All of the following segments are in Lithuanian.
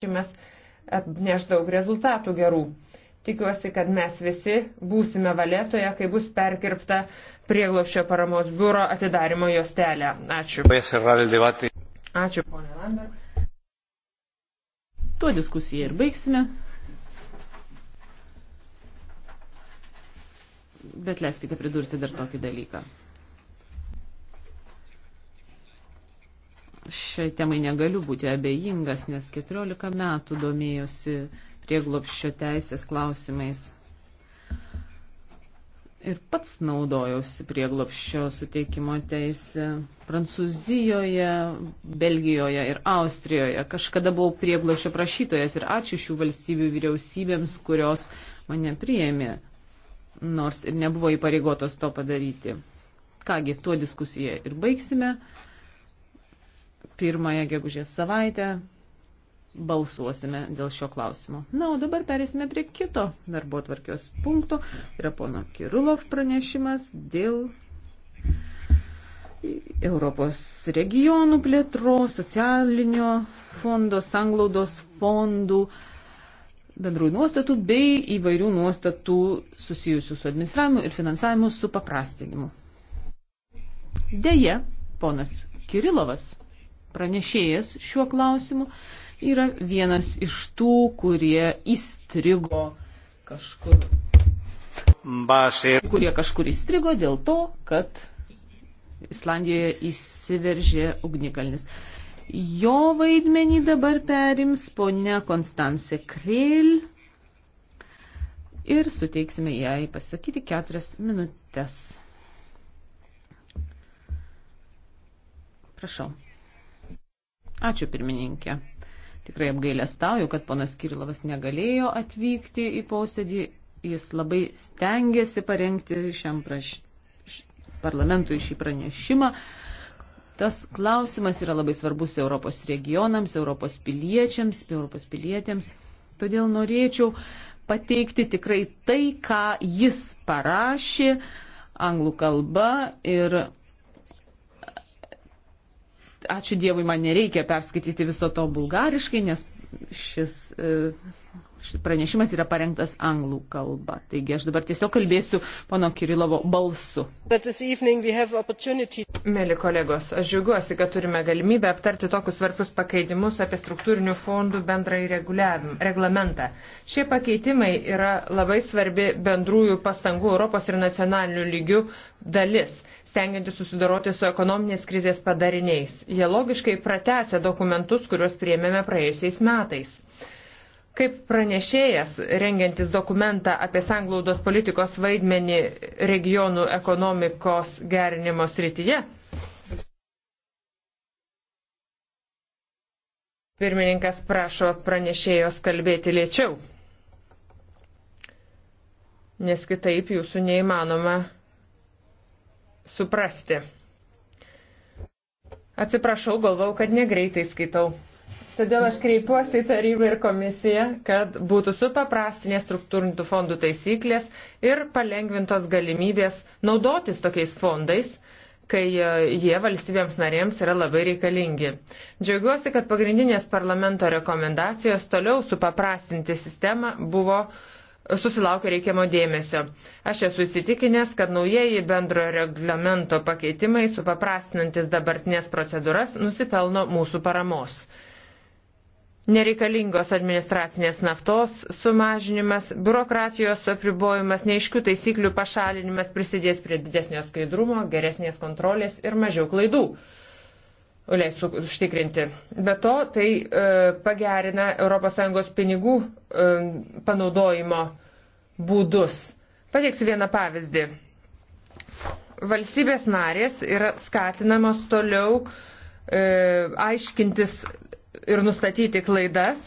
pranešimas atneš e, daug rezultatų gerų. Tikiuosi, kad mes visi būsime valėtoje, kai bus perkirpta prieglopščio paramos biuro atidarimo juostelė. Ačiū. Ačiū, ponė Lambert. Tuo diskusiją ir baigsime. Bet leiskite pridurti dar tokį dalyką. šiai temai negaliu būti abejingas, nes 14 metų domėjusi prieglopščio teisės klausimais. Ir pats naudojausi prieglopščio suteikimo teisę Prancūzijoje, Belgijoje ir Austrijoje. Kažkada buvau prieglopščio prašytojas ir ačiū šių valstybių vyriausybėms, kurios mane priėmė, nors ir nebuvo įpareigotos to padaryti. Kągi, tuo diskusiją ir baigsime pirmąją gegužės savaitę balsuosime dėl šio klausimo. Na, o dabar perėsime prie kito darbo tvarkios punkto. Yra pono Kirilov pranešimas dėl Europos regionų plėtros, socialinio fondo, sanglaudos fondų, bendrųjų nuostatų bei įvairių nuostatų susijusių su administravimu ir finansavimu su paprastinimu. Deja, ponas Kirilovas pranešėjas šiuo klausimu yra vienas iš tų, kurie įstrigo kažkur. Basė. Kurie kažkur įstrigo dėl to, kad Islandijoje įsiveržė ugnikalnis. Jo vaidmenį dabar perims ponia Konstance Kreil ir suteiksime jai pasakyti keturias minutės. Prašau. Ačiū pirmininkė. Tikrai apgailestauju, kad ponas Kirilovas negalėjo atvykti į posėdį. Jis labai stengiasi parengti šiam praš... parlamentui šį pranešimą. Tas klausimas yra labai svarbus Europos regionams, Europos piliečiams, Europos pilietėms. Todėl norėčiau pateikti tikrai tai, ką jis parašė anglų kalba ir ačiū Dievui, man nereikia perskaityti viso to bulgariškai, nes šis, e, šis pranešimas yra parengtas anglų kalba. Taigi aš dabar tiesiog kalbėsiu pono Kirilovo balsu. Mėly kolegos, aš džiaugiuosi, kad turime galimybę aptarti tokius svarbius pakeitimus apie struktūrinių fondų bendrąjį reglamentą. Šie pakeitimai yra labai svarbi bendrųjų pastangų Europos ir nacionalinių lygių dalis stengiantis susidoroti su ekonominės krizės padariniais. Jie logiškai pratęsia dokumentus, kuriuos priėmėme praėjusiais metais. Kaip pranešėjas, rengiantis dokumentą apie sanglaudos politikos vaidmenį regionų ekonomikos gerinimo srityje, pirmininkas prašo pranešėjos kalbėti lėčiau, nes kitaip jūsų neįmanoma suprasti. Atsiprašau, galvau, kad negreitai skaitau. Todėl aš kreipiuosi į tarybą ir komisiją, kad būtų supaprastinės struktūrintų fondų taisyklės ir palengvintos galimybės naudotis tokiais fondais, kai e, jie valstybėms narėms yra labai reikalingi. Džiaugiuosi, kad pagrindinės parlamento rekomendacijos toliau supaprastinti sistemą buvo uh, susilaukia reikiamo dėmesio. Aš esu įsitikinęs, kad naujieji bendro reglamento pakeitimai, supaprastinantis dabartinės procedūras, nusipelno mūsų paramos. Nereikalingos administracinės naftos sumažinimas, biurokratijos apribojimas, neiškių taisyklių pašalinimas prisidės prie didesnio skaidrumo, geresnės kontrolės ir mažiau klaidų leis užtikrinti. Be to, tai e, pagerina ES pinigų e, panaudojimo būdus. Pateiksiu vieną pavyzdį. Valstybės narės yra skatinamos toliau e, aiškintis ir nustatyti klaidas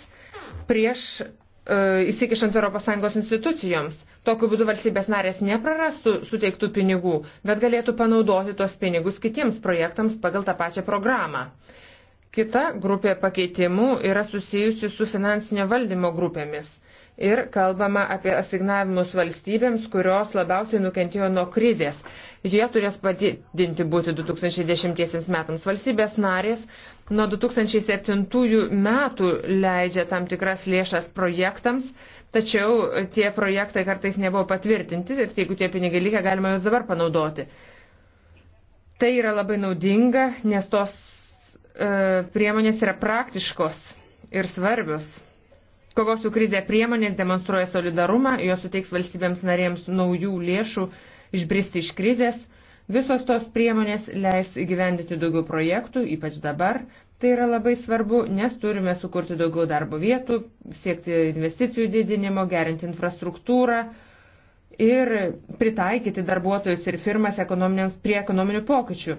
prieš e, įsikišant ES institucijoms. Tokiu būdu valstybės narės neprarastų suteiktų pinigų, bet galėtų panaudoti tos pinigus kitiems projektams pagal tą pačią programą. Kita grupė pakeitimų yra susijusi su finansinio valdymo grupėmis ir kalbama apie asignavimus valstybėms, kurios labiausiai nukentėjo nuo krizės. Jie turės padidinti būti 2010 metams. Valstybės narės nuo 2007 metų leidžia tam tikras lėšas projektams Tačiau tie projektai kartais nebuvo patvirtinti ir jeigu tie pinigai lygia, galima juos dabar panaudoti. Tai yra labai naudinga, nes tos e, priemonės yra praktiškos ir svarbios. Kovos su krize priemonės demonstruoja solidarumą, jos suteiks valstybėms narėms naujų lėšų išbristi iš krizės. Visos tos priemonės leis įgyvendinti daugiau projektų, ypač dabar, Tai yra labai svarbu, nes turime sukurti daugiau darbo vietų, siekti investicijų didinimo, gerinti infrastruktūrą ir pritaikyti darbuotojus ir firmas prie ekonominių pokyčių.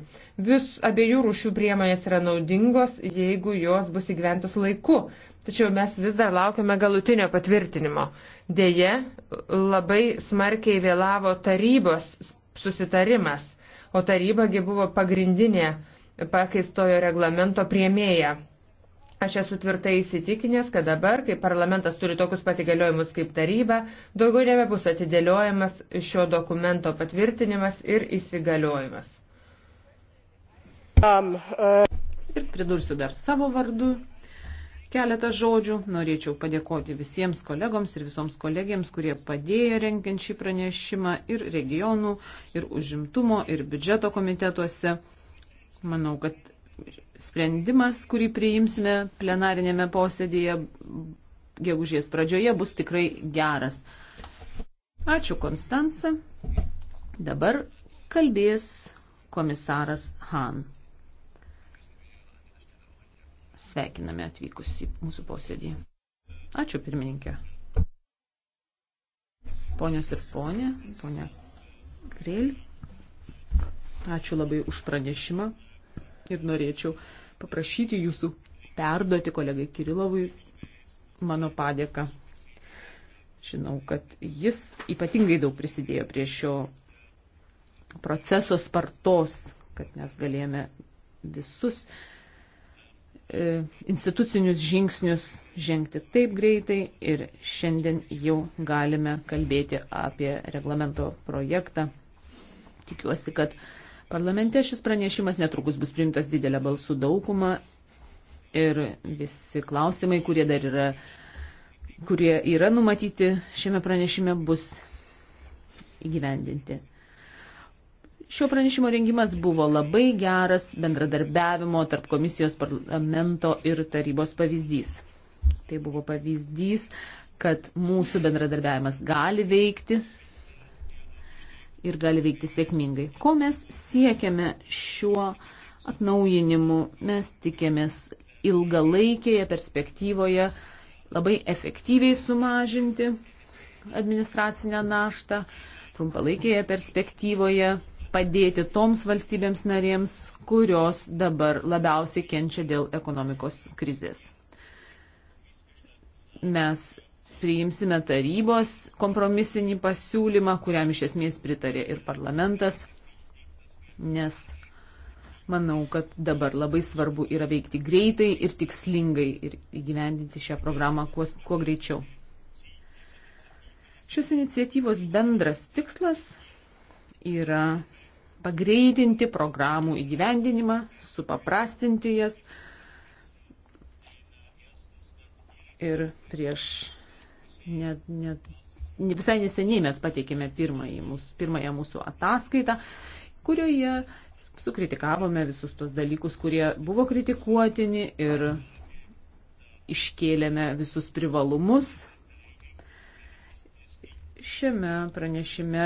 Vis abiejų rūšių priemonės yra naudingos, jeigu jos bus įgyventos laiku. Tačiau mes vis dar laukiame galutinio patvirtinimo. Deja, labai smarkiai vėlavo tarybos susitarimas, o taryba buvo pagrindinė pakeistojo reglamento priemėja. Aš esu tvirtai įsitikinęs, kad dabar, kai parlamentas turi tokius pat įgaliojimus kaip taryba, daugiau nebebus atidėliojamas šio dokumento patvirtinimas ir įsigaliojimas. Um, uh... Ir pridursiu dar savo vardu keletą žodžių. Norėčiau padėkoti visiems kolegoms ir visoms kolegijams, kurie padėjo renkiant šį pranešimą ir regionų, ir užimtumo, ir biudžeto komitetuose. Manau, kad sprendimas, kurį priimsime plenarinėme posėdėje gegužės pradžioje, bus tikrai geras. Ačiū, Konstanca. Dabar kalbės komisaras Han. Sveikiname atvykus į mūsų posėdį. Ačiū, pirmininkė. Ponios ir ponė, ponė Krėl. Ačiū labai už pranešimą. Ir norėčiau paprašyti jūsų perduoti kolegai Kirilovui mano padėką. Žinau, kad jis ypatingai daug prisidėjo prie šio proceso spartos, kad mes galėjome visus e, institucinius žingsnius žengti taip greitai ir šiandien jau galime kalbėti apie reglamento projektą. Tikiuosi, kad Parlamente šis pranešimas netrukus bus priimtas didelę balsų daugumą ir visi klausimai, kurie dar yra, kurie yra numatyti šiame pranešime, bus įgyvendinti. Šio pranešimo rengimas buvo labai geras bendradarbiavimo tarp komisijos parlamento ir tarybos pavyzdys. Tai buvo pavyzdys, kad mūsų bendradarbiavimas gali veikti, ir gali veikti sėkmingai. Ko mes siekiame šiuo atnaujinimu? Mes tikėmės ilgalaikėje perspektyvoje labai efektyviai sumažinti administracinę naštą, trumpalaikėje perspektyvoje padėti toms valstybėms narėms, kurios dabar labiausiai kenčia dėl ekonomikos krizės. Mes priimsime tarybos kompromisinį pasiūlymą, kuriam iš esmės pritarė ir parlamentas, nes manau, kad dabar labai svarbu yra veikti greitai ir tikslingai ir įgyvendinti šią programą kuo, kuo greičiau. Šios iniciatyvos bendras tikslas yra pagreitinti programų įgyvendinimą, supaprastinti jas. Ir prieš Net, net, visai neseniai mes pateikėme pirmąją mūsų, pirmąją mūsų ataskaitą, kurioje sukritikavome visus tos dalykus, kurie buvo kritikuotini ir iškėlėme visus privalumus. Šiame pranešime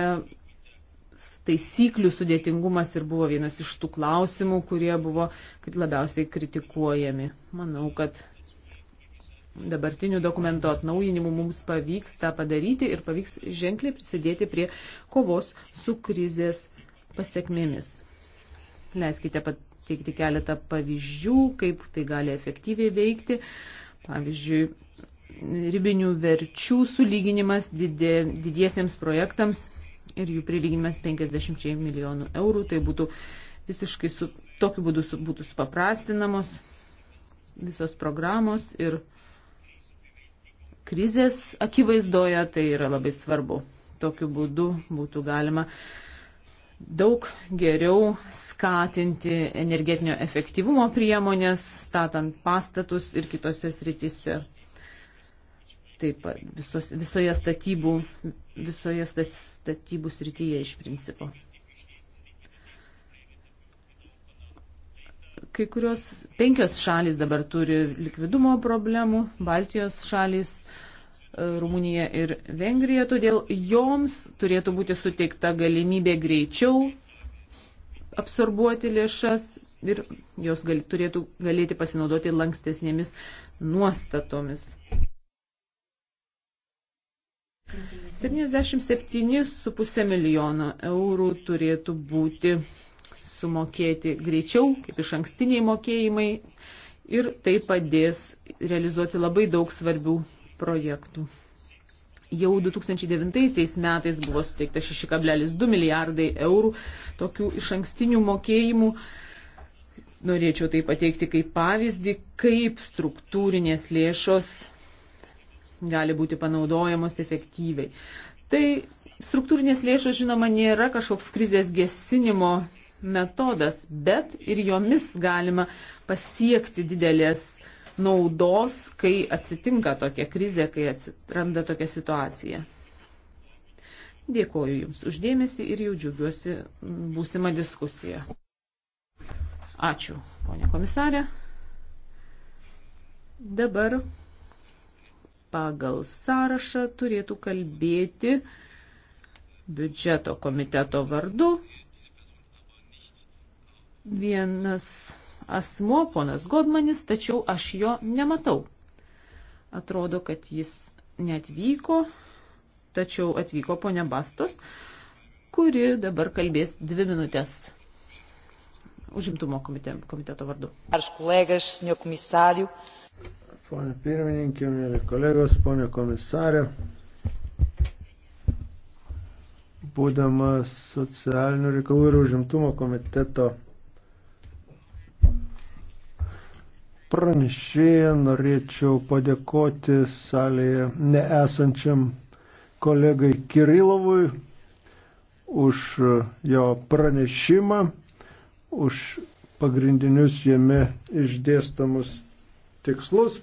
taisyklių sudėtingumas ir buvo vienas iš tų klausimų, kurie buvo labiausiai kritikuojami. Manau, kad dabartinių dokumento atnaujinimų mums pavyks tą padaryti ir pavyks ženkliai prisidėti prie kovos su krizės pasiekmėmis. Leiskite pateikti keletą pavyzdžių, kaip tai gali efektyviai veikti. Pavyzdžiui, ribinių verčių sulyginimas didė, didiesiems projektams ir jų prilyginimas 50 milijonų eurų. Tai būtų visiškai su, tokiu būdu su, būtų supaprastinamos visos programos ir krizės akivaizdoje tai yra labai svarbu. Tokiu būdu būtų galima daug geriau skatinti energetinio efektyvumo priemonės, statant pastatus ir kitose sritise. Taip pat visos, visoje, statybų, visoje statybų srityje iš principo. Kai kurios penkios šalys dabar turi likvidumo problemų, Baltijos šalys, e, Rumunija ir Vengrija, todėl joms turėtų būti suteikta galimybė greičiau absorbuoti lėšas ir jos gal, turėtų galėti pasinaudoti lankstesnėmis nuostatomis. 77,5 milijono eurų turėtų būti sumokėti greičiau, kaip iš ankstiniai mokėjimai ir tai padės realizuoti labai daug svarbių projektų. Jau 2009 metais buvo suteikta 6,2 milijardai eurų tokių iš ankstinių mokėjimų. Norėčiau tai pateikti kaip pavyzdį, kaip struktūrinės lėšos gali būti panaudojamos efektyviai. Tai struktūrinės lėšos, žinoma, nėra kažkoks krizės gesinimo metodas, bet ir jomis galima pasiekti didelės naudos, kai atsitinka tokia krizė, kai atsiranda tokia situacija. Dėkoju Jums uždėmesi ir jau džiugiuosi būsimą diskusiją. Ačiū, ponė komisarė. Dabar pagal sąrašą turėtų kalbėti biudžeto komiteto vardu vienas asmo, ponas Godmanis, tačiau aš jo nematau. Atrodo, kad jis netvyko, tačiau atvyko ponia Bastos, kuri dabar kalbės dvi minutės užimtumo komiteto vardu. Aš kolegas, senio komisariu. Pone pirmininkė, mėly kolegos, pone komisarė. Būdamas socialinių reikalų ir užimtumo komiteto pranešėją norėčiau padėkoti salėje neesančiam kolegai Kirilovui už jo pranešimą, už pagrindinius jame išdėstamus tikslus,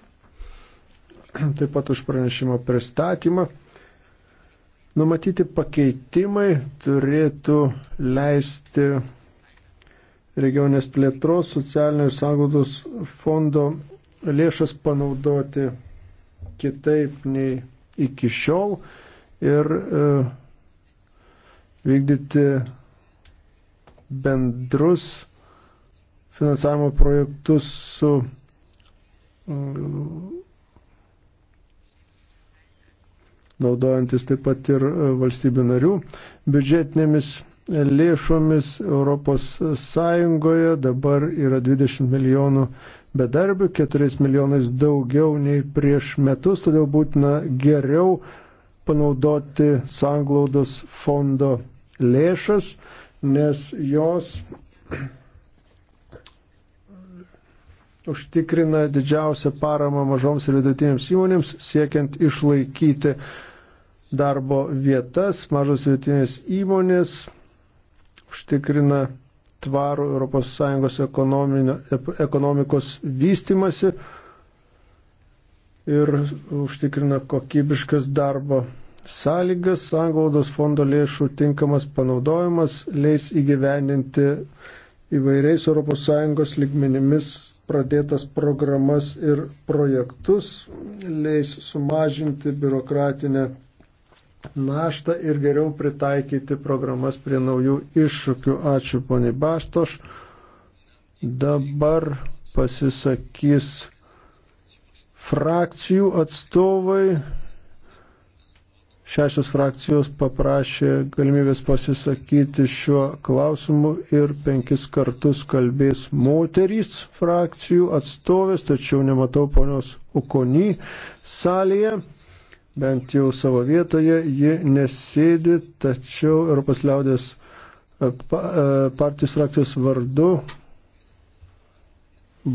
taip pat už pranešimo pristatymą. Numatyti pakeitimai turėtų leisti regionės plėtros, socialinio ir sąglaudos fondo lėšas panaudoti kitaip nei iki šiol ir e, vykdyti bendrus finansavimo projektus su naudojantis taip pat ir e, valstybių narių biudžetinėmis lėšomis ES dabar yra 20 milijonų bedarbių, 4 milijonais daugiau nei prieš metus, todėl būtina geriau panaudoti sanglaudos fondo lėšas, nes jos užtikrina didžiausią paramą mažoms ir vidutinėms įmonėms, siekiant išlaikyti darbo vietas, mažos vidutinės įmonės užtikrina tvarų ES ekonomikos vystimasi ir užtikrina kokybiškas darbo sąlygas. Sanglaudos fondo lėšų tinkamas panaudojimas leis įgyveninti įvairiais ES lygmenimis pradėtas programas ir projektus, leis sumažinti biurokratinę naštą ir geriau pritaikyti programas prie naujų iššūkių. Ačiū, poniai Bastoš. Dabar pasisakys frakcijų atstovai. Šešios frakcijos paprašė galimybės pasisakyti šiuo klausimu ir penkis kartus kalbės moterys frakcijų atstovės, tačiau nematau ponios Ukony salėje bent jau savo vietoje, ji nesėdi, tačiau Europos liaudės e, e, partijos frakcijos vardu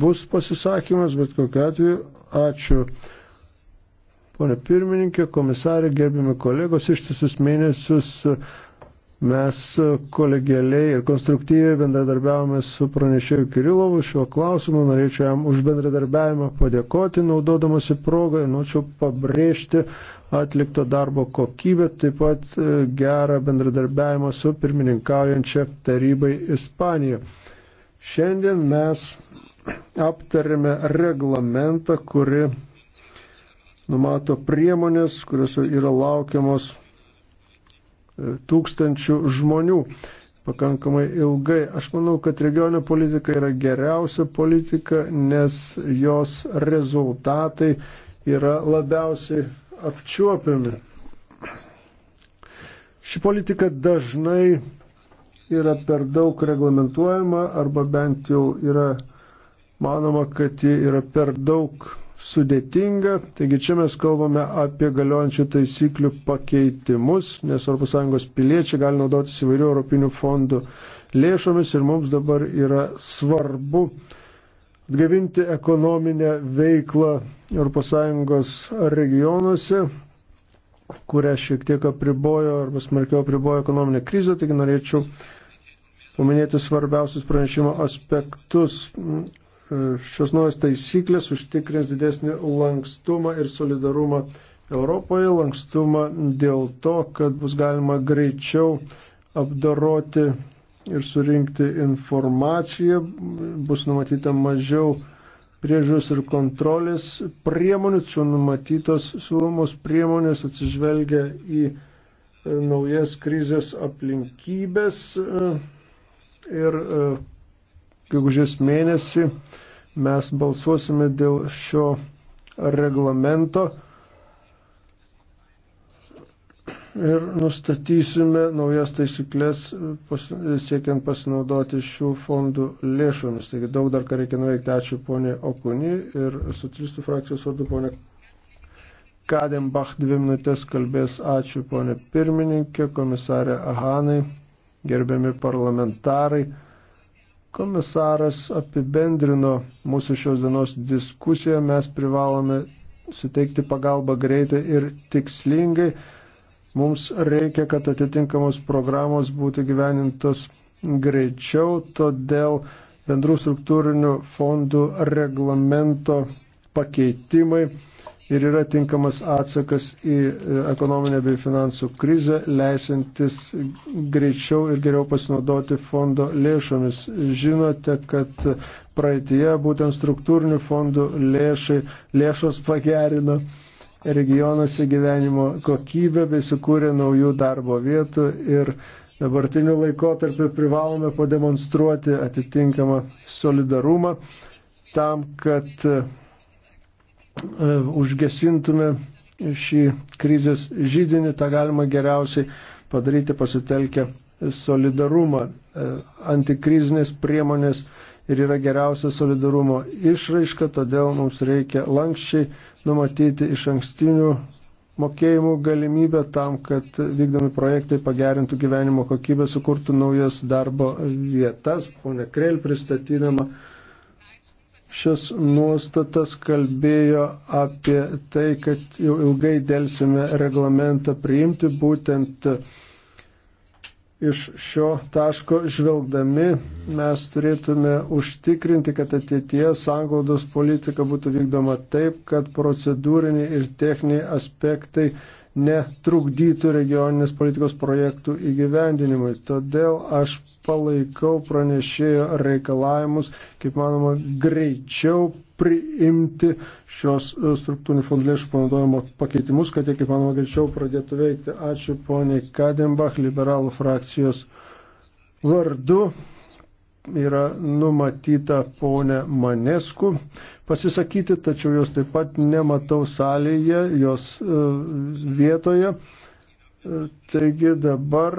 bus pasisakymas, bet kokiu atveju ačiū. Pone pirmininkė, komisarė, gerbiami kolegos, ištisus mėnesius Mes e, kolegialiai ir konstruktyviai bendradarbiavome su pranešėju Kirilovu šiuo klausimu. Norėčiau jam už bendradarbiavimą padėkoti, naudodamasi progą ir norėčiau pabrėžti atlikto darbo kokybę, taip pat e, gerą bendradarbiavimą su pirmininkaujančia tarybai Ispanija. Šiandien mes aptarėme reglamentą, kuri numato priemonės, kurios yra laukiamos tūkstančių žmonių pakankamai ilgai. Aš manau, kad regioninė politika yra geriausia politika, nes jos rezultatai yra labiausiai apčiuopiami. Ši politika dažnai yra per daug reglamentuojama arba bent jau yra manoma, kad ji yra per daug sudėtinga, taigi čia mes kalbame apie galiojančių taisyklių pakeitimus, nes ES piliečiai gali naudotis įvairių Europinių fondų lėšomis ir mums dabar yra svarbu atgavinti ekonominę veiklą ES regionuose, kurią šiek tiek apribojo arba smarkiau apribojo ekonominė krizė, taigi norėčiau paminėti svarbiausius pranešimo aspektus Šios naujos taisyklės užtikrins didesnį lankstumą ir solidarumą Europoje, lankstumą dėl to, kad bus galima greičiau apdaroti ir surinkti informaciją, bus numatyta mažiau priežiūros ir kontrolės priemonių, čia numatytos siūlomos priemonės atsižvelgia į e, naujas krizės aplinkybės e, ir e, gegužės mėnesį mes balsuosime dėl šio reglamento ir nustatysime naujas taisyklės siekiant pasinaudoti šių fondų lėšomis. Taigi daug dar ką reikia nuveikti. Ačiū ponė Okuni ir socialistų frakcijos vardu ponė Kadembach dvi minutės kalbės. Ačiū ponė pirmininkė, komisarė Ahanai, gerbiami parlamentarai. Komisaras apibendrino mūsų šios dienos diskusiją, mes privalome suteikti pagalbą greitai ir tikslingai. Mums reikia, kad atitinkamos programos būtų gyvenintos greičiau, todėl bendrų struktūrinių fondų reglamento pakeitimai ir yra tinkamas atsakas į e, ekonominę bei finansų krizę, leisintis greičiau ir geriau pasinaudoti fondo lėšomis. Žinote, kad praeitie būtent struktūrinių fondų lėšai, lėšos pagerino regionuose gyvenimo kokybę bei sukūrė naujų darbo vietų ir dabartiniu laikotarpiu privalome pademonstruoti atitinkamą solidarumą tam, kad E, užgesintume šį krizės žydinį, tą galima geriausiai padaryti pasitelkę solidarumą. E, antikrizinės priemonės ir yra geriausia solidarumo išraiška, todėl mums reikia lankščiai numatyti iš ankstinių mokėjimų galimybę tam, kad vykdomi projektai pagerintų gyvenimo kokybę, sukurtų naujas darbo vietas. Pone Krell pristatydama šias nuostatas, kalbėjo apie tai, kad jau ilgai dėlsime reglamentą priimti, būtent iš šio taško žvelgdami mes turėtume užtikrinti, kad ateitie sanglaudos politika būtų vykdoma taip, kad procedūriniai ir techniniai aspektai netrukdytų regioninės politikos projektų įgyvendinimui. Todėl aš palaikau pranešėjo reikalavimus, kaip manoma, greičiau priimti šios e, struktūrinių fondų lėšų panaudojimo pakeitimus, kad jie, kaip manoma, greičiau pradėtų veikti. Ačiū poniai Kadembach, liberalų frakcijos vardu. Yra numatyta ponė Manesku pasisakyti, tačiau jos taip pat nematau salėje, jos e, vietoje. E, taigi dabar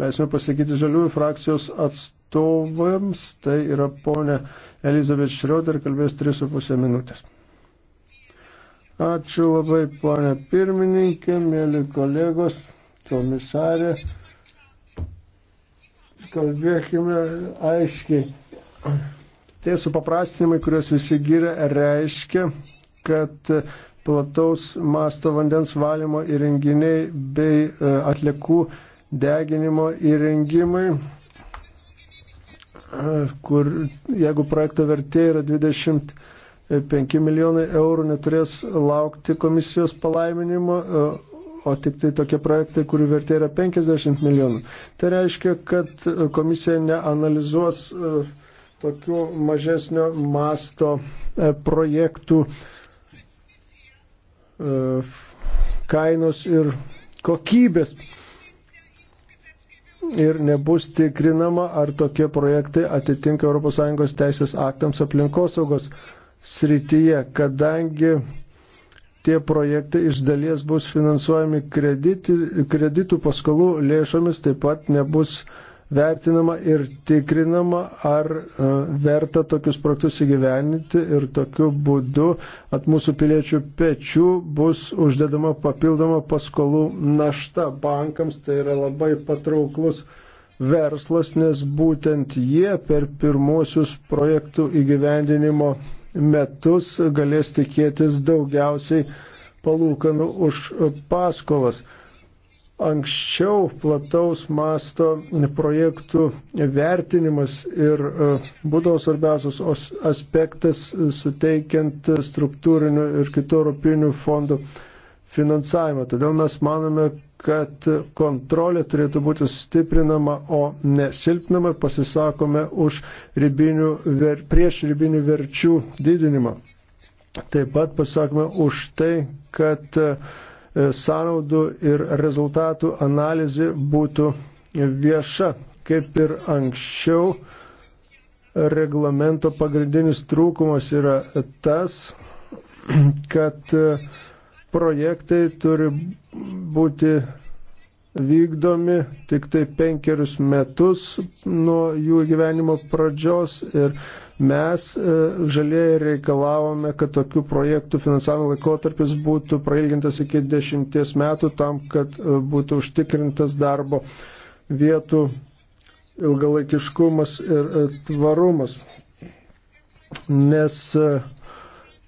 leisime pasakyti žaliųjų frakcijos atstovams, tai yra ponė Elizabeth Šrioder, kalbės 3,5 minutės. Ačiū labai, ponė pirmininkė, mėly kolegos, komisarė. Kalbėkime aiškiai Tie supaprastinimai, kuriuos visi gyrė, reiškia, kad e, plataus masto vandens valymo įrenginiai bei e, atliekų deginimo įrengimai, e, kur jeigu projekto vertė yra 25 milijonai eurų, neturės laukti komisijos palaiminimo, o tik tai tokie projektai, kurių vertė yra 50 milijonų. Tai reiškia, kad komisija neanalizuos uh, tokių mažesnio masto e, projektų e, kainos ir kokybės. Ir nebus tikrinama, ar tokie projektai atitinka ES teisės aktams aplinkosaugos srityje, kadangi tie projektai iš dalies bus finansuojami krediti, kreditų paskolų lėšomis, taip pat nebus uh, vertinama ir tikrinama, ar e, verta tokius projektus įgyveninti ir tokiu būdu at mūsų piliečių pečių bus uždedama papildoma paskolų našta bankams. Tai yra labai patrauklus verslas, nes būtent jie per pirmosius projektų įgyvendinimo metus galės tikėtis daugiausiai palūkanų už paskolas. Anksčiau plataus masto projektų vertinimas ir e, būdavo svarbiausias aspektas e, suteikiant struktūrinių ir kitų europinių fondų finansavimą. Todėl mes manome, kad kontrolė turėtų būti stiprinama, o nesilpnama ir pasisakome už ribinių, ver, prieš ribinių verčių didinimą. Taip pat pasakome už tai, kad uh, E, sąnaudų ir rezultatų analizė būtų vieša, kaip ir anksčiau. Reglamento pagrindinis trūkumas yra tas, kad e, projektai turi būti vykdomi tik tai penkerius metus nuo jų gyvenimo pradžios ir mes e, žalieji reikalavome, kad tokių projektų finansavimo laikotarpis būtų prailgintas iki dešimties metų tam, kad e, būtų užtikrintas darbo vietų ilgalaikiškumas ir e, tvarumas. Nes uh,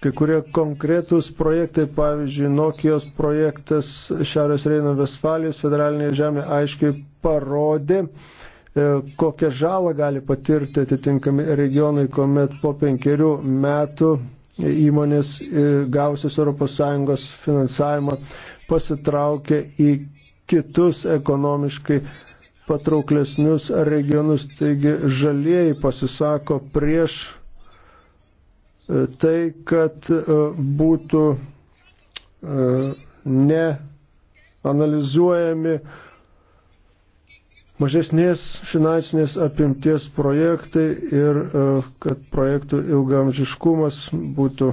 Kai kurie konkretūs projektai, pavyzdžiui, Nokijos projektas Šiaurės Reino Vestfalijos federalinėje žemė aiškiai parodė, e, kokią žalą gali patirti atitinkami regionai, kuomet po penkerių metų įmonės e, gausius ES finansavimą pasitraukė į kitus ekonomiškai patrauklesnius regionus. Taigi žalieji pasisako prieš E, tai, kad e, būtų e, neanalizuojami mažesnės finansinės apimties projektai ir kad projektų ilgamžiškumas būtų,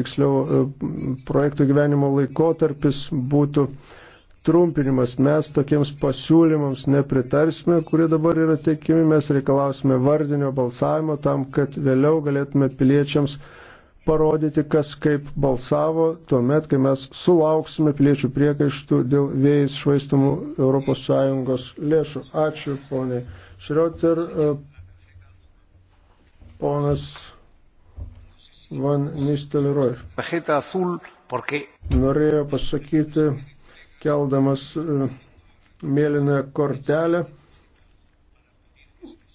tiksliau, projektų gyvenimo laikotarpis būtų uh, trumpinimas. Mes tokiems pasiūlymams nepritarsime, kurie dabar yra teikiami. Mes reikalausime vardinio balsavimo tam, kad vėliau galėtume piliečiams parodyti, kas kaip balsavo, tuomet, kai mes sulauksime piliečių priekaištų dėl vėjais švaistamų ES lėšų. Ačiū, poniai. Šrioter, ponas Van Nistelrooy. Norėjo pasakyti keldamas e, mėlyną kortelę.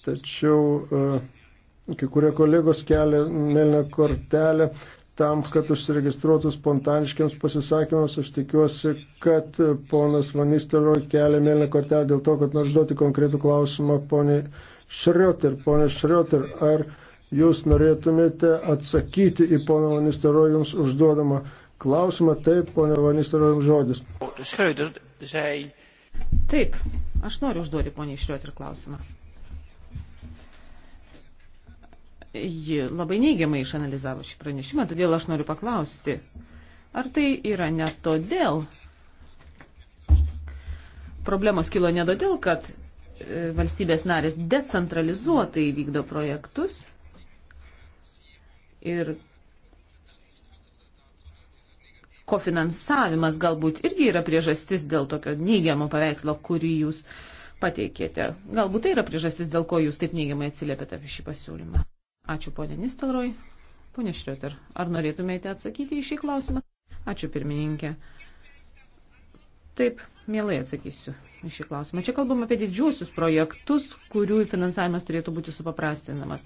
Tačiau e, kai kurie kolegos kelia mėlyną kortelę tam, kad užsiregistruotų spontaniškiams pasisakymams. Aš tikiuosi, kad ponas Vanistero kelia mėlyną kortelę dėl to, kad noriu duoti konkretų klausimą poniai Šrioter. Pone Šrioter, ar jūs norėtumėte atsakyti į pono Vanistero jums užduodamą klausimą? klausimą. Taip, ponia Vanistra, žodis. Taip, aš noriu užduoti poniai Šriotir klausimą. Ji labai neigiamai išanalizavo šį pranešimą, todėl aš noriu paklausti, ar tai yra ne todėl, problemos kilo ne todėl, kad e, valstybės narės decentralizuotai vykdo projektus ir kofinansavimas galbūt irgi yra priežastis dėl tokio neigiamo paveikslo, kurį jūs pateikėte. Galbūt tai yra priežastis, dėl ko jūs taip neigiamai atsiliepėte apie šį pasiūlymą. Ačiū, ponė Nistelroj. Pone Šrioter, ar norėtumėte atsakyti į šį klausimą? Ačiū, pirmininkė. Taip, mielai atsakysiu šį klausimą. Čia kalbam apie didžiuosius projektus, kurių finansavimas turėtų būti supaprastinamas.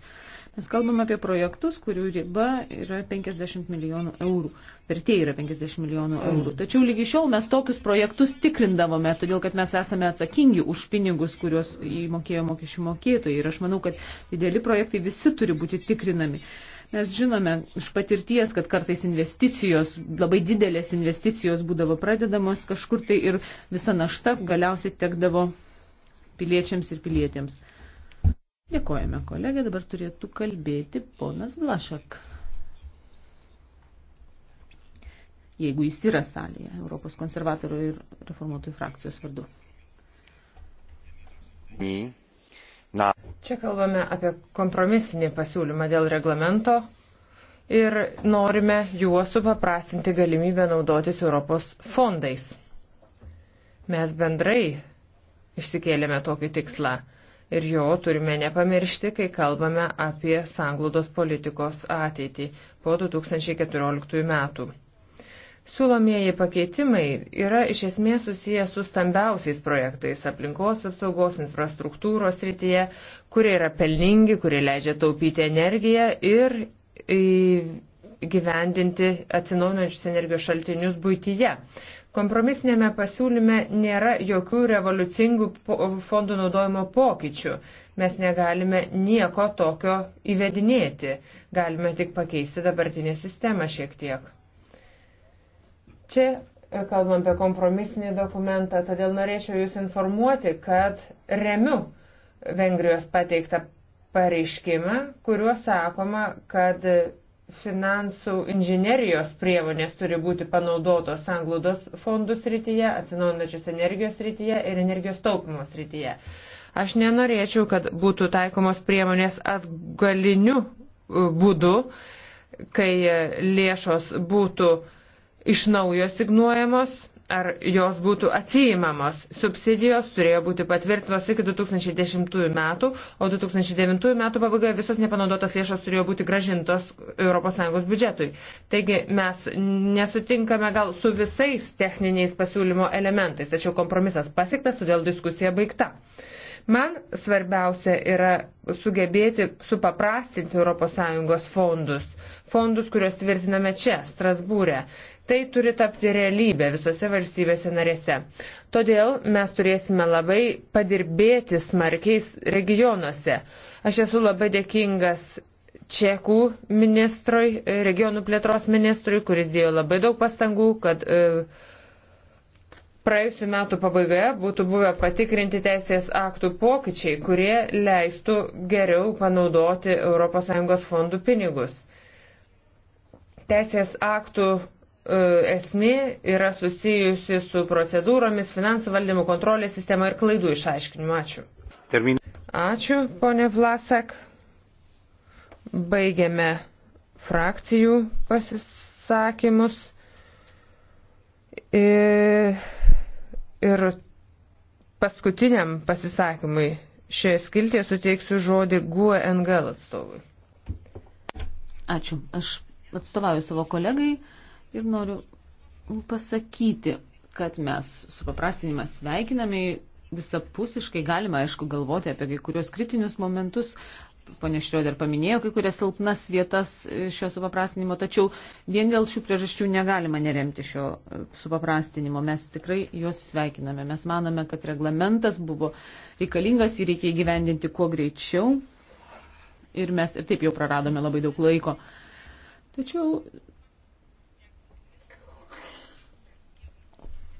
Mes kalbam apie projektus, kurių riba yra 50 milijonų eurų. Vertė yra 50 milijonų eurų. Tačiau lygi šiol mes tokius projektus tikrindavome, todėl kad mes esame atsakingi už pinigus, kuriuos įmokėjo mokesčių mokėtojai. Ir aš manau, kad dideli projektai visi turi būti tikrinami. Uh, Mes žinome iš patirties, kad kartais investicijos, labai didelės investicijos būdavo pradedamos kažkur tai ir visa našta galiausiai tekdavo piliečiams ir pilietėms. Dėkojame, kolegė, dabar turėtų kalbėti ponas Blašak. Jeigu jis yra salėje, Europos konservatorių ir reformuotojų frakcijos vardu. Na. Čia kalbame apie kompromisinį pasiūlymą dėl reglamento ir norime juo supaprastinti galimybę naudotis Europos fondais. Mes bendrai išsikėlėme tokį tikslą ir jo turime nepamiršti, kai kalbame apie sanglaudos politikos ateitį po 2014 metų. Siūlomieji pakeitimai yra iš esmės susiję su stambiausiais projektais aplinkos apsaugos infrastruktūros rytyje, kurie yra pelningi, kurie leidžia taupyti energiją ir gyvendinti atsinaujinančius energijos šaltinius būtyje. Kompromisinėme pasiūlyme nėra jokių revoliucingų fondų naudojimo pokyčių. Mes negalime nieko tokio įvedinėti. Galime tik pakeisti dabartinę sistemą šiek tiek. Čia e, kalbam apie kompromisinį dokumentą, todėl norėčiau Jūs informuoti, kad remiu Vengrijos pateiktą pareiškimą, kuriuo sakoma, kad finansų inžinerijos priemonės turi būti panaudotos sanglaudos fondų srityje, atsinaujinančios energijos srityje ir energijos taupimo srityje. Aš nenorėčiau, kad būtų taikomos priemonės atgaliniu e, būdu, kai e, lėšos būtų uh, iš naujo signuojamos ar jos būtų atsijimamos. Subsidijos turėjo būti patvirtinos iki 2010 metų, o 2009 metų pabaigoje visos nepanaudotos lėšos turėjo būti gražintos ES biudžetui. Taigi mes nesutinkame gal su visais techniniais pasiūlymo elementais, tačiau kompromisas pasiektas, todėl diskusija baigta. Man svarbiausia yra sugebėti supaprastinti ES fondus, fondus, kuriuos tvirtiname čia, Strasbūrė. E Tai turi tapti realybė visose valstybėse narėse. Todėl mes turėsime labai padirbėti smarkiais regionuose. Aš esu labai dėkingas Čekų ministrui, regionų plėtros ministrui, kuris dėjo labai daug pastangų, kad e, praėjusiu metu pabaigoje būtų buvę patikrinti teisės aktų pokyčiai, kurie leistų geriau panaudoti ES fondų pinigus. Teisės aktų E, esmė yra susijusi su procedūromis, finansų valdymo kontrolės sistema ir klaidų išaiškinimu. Ačiū. Termin. Ačiū, ponė Vlasak. Baigiame frakcijų pasisakymus. Ir, e, ir paskutiniam pasisakymui šioje skiltėje suteiksiu žodį GUE NGL atstovui. Ačiū. Aš atstovauju savo kolegai ir noriu pasakyti, kad mes supaprastinimą sveikiname visapusiškai, galima aišku galvoti apie kai kurios kritinius momentus. Pane Šrioder paminėjo kai kurias silpnas vietas šio supaprastinimo, tačiau vien dėl šių priežasčių negalima neremti šio supaprastinimo. Mes tikrai juos sveikiname. Mes manome, kad reglamentas buvo reikalingas, jį reikia įgyvendinti kuo greičiau. Ir mes ir taip jau praradome labai daug laiko. Tačiau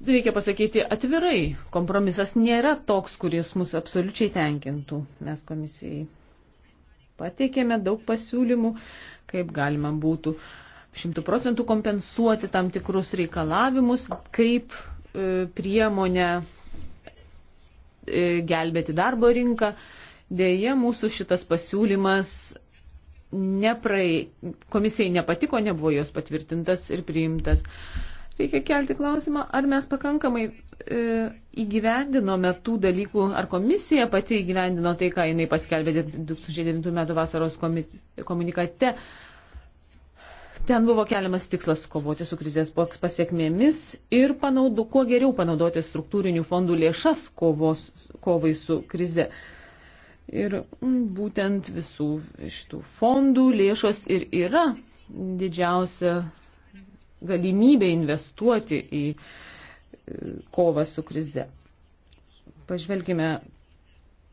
Reikia pasakyti atvirai, kompromisas nėra toks, kuris mus absoliučiai tenkintų. Mes komisijai pateikėme daug pasiūlymų, kaip galima būtų šimtų procentų kompensuoti tam tikrus reikalavimus, kaip e, priemonę e, gelbėti darbo rinką. Deja, mūsų šitas pasiūlymas neprai, komisijai nepatiko, nebuvo jos patvirtintas ir priimtas. E, reikia kelti klausimą, ar mes pakankamai e, įgyvendinome tų dalykų, ar komisija pati įgyvendino tai, ką jinai paskelbė 2009 m. vasaros komunikate. Ten buvo keliamas tikslas kovoti su krizės pasiekmėmis ir panaudu, kuo geriau panaudoti struktūrinių fondų lėšas kovos, kovai su krize. Ir būtent visų šitų fondų lėšos ir yra didžiausia galimybė investuoti į e, kovą su krize. Pažvelgime,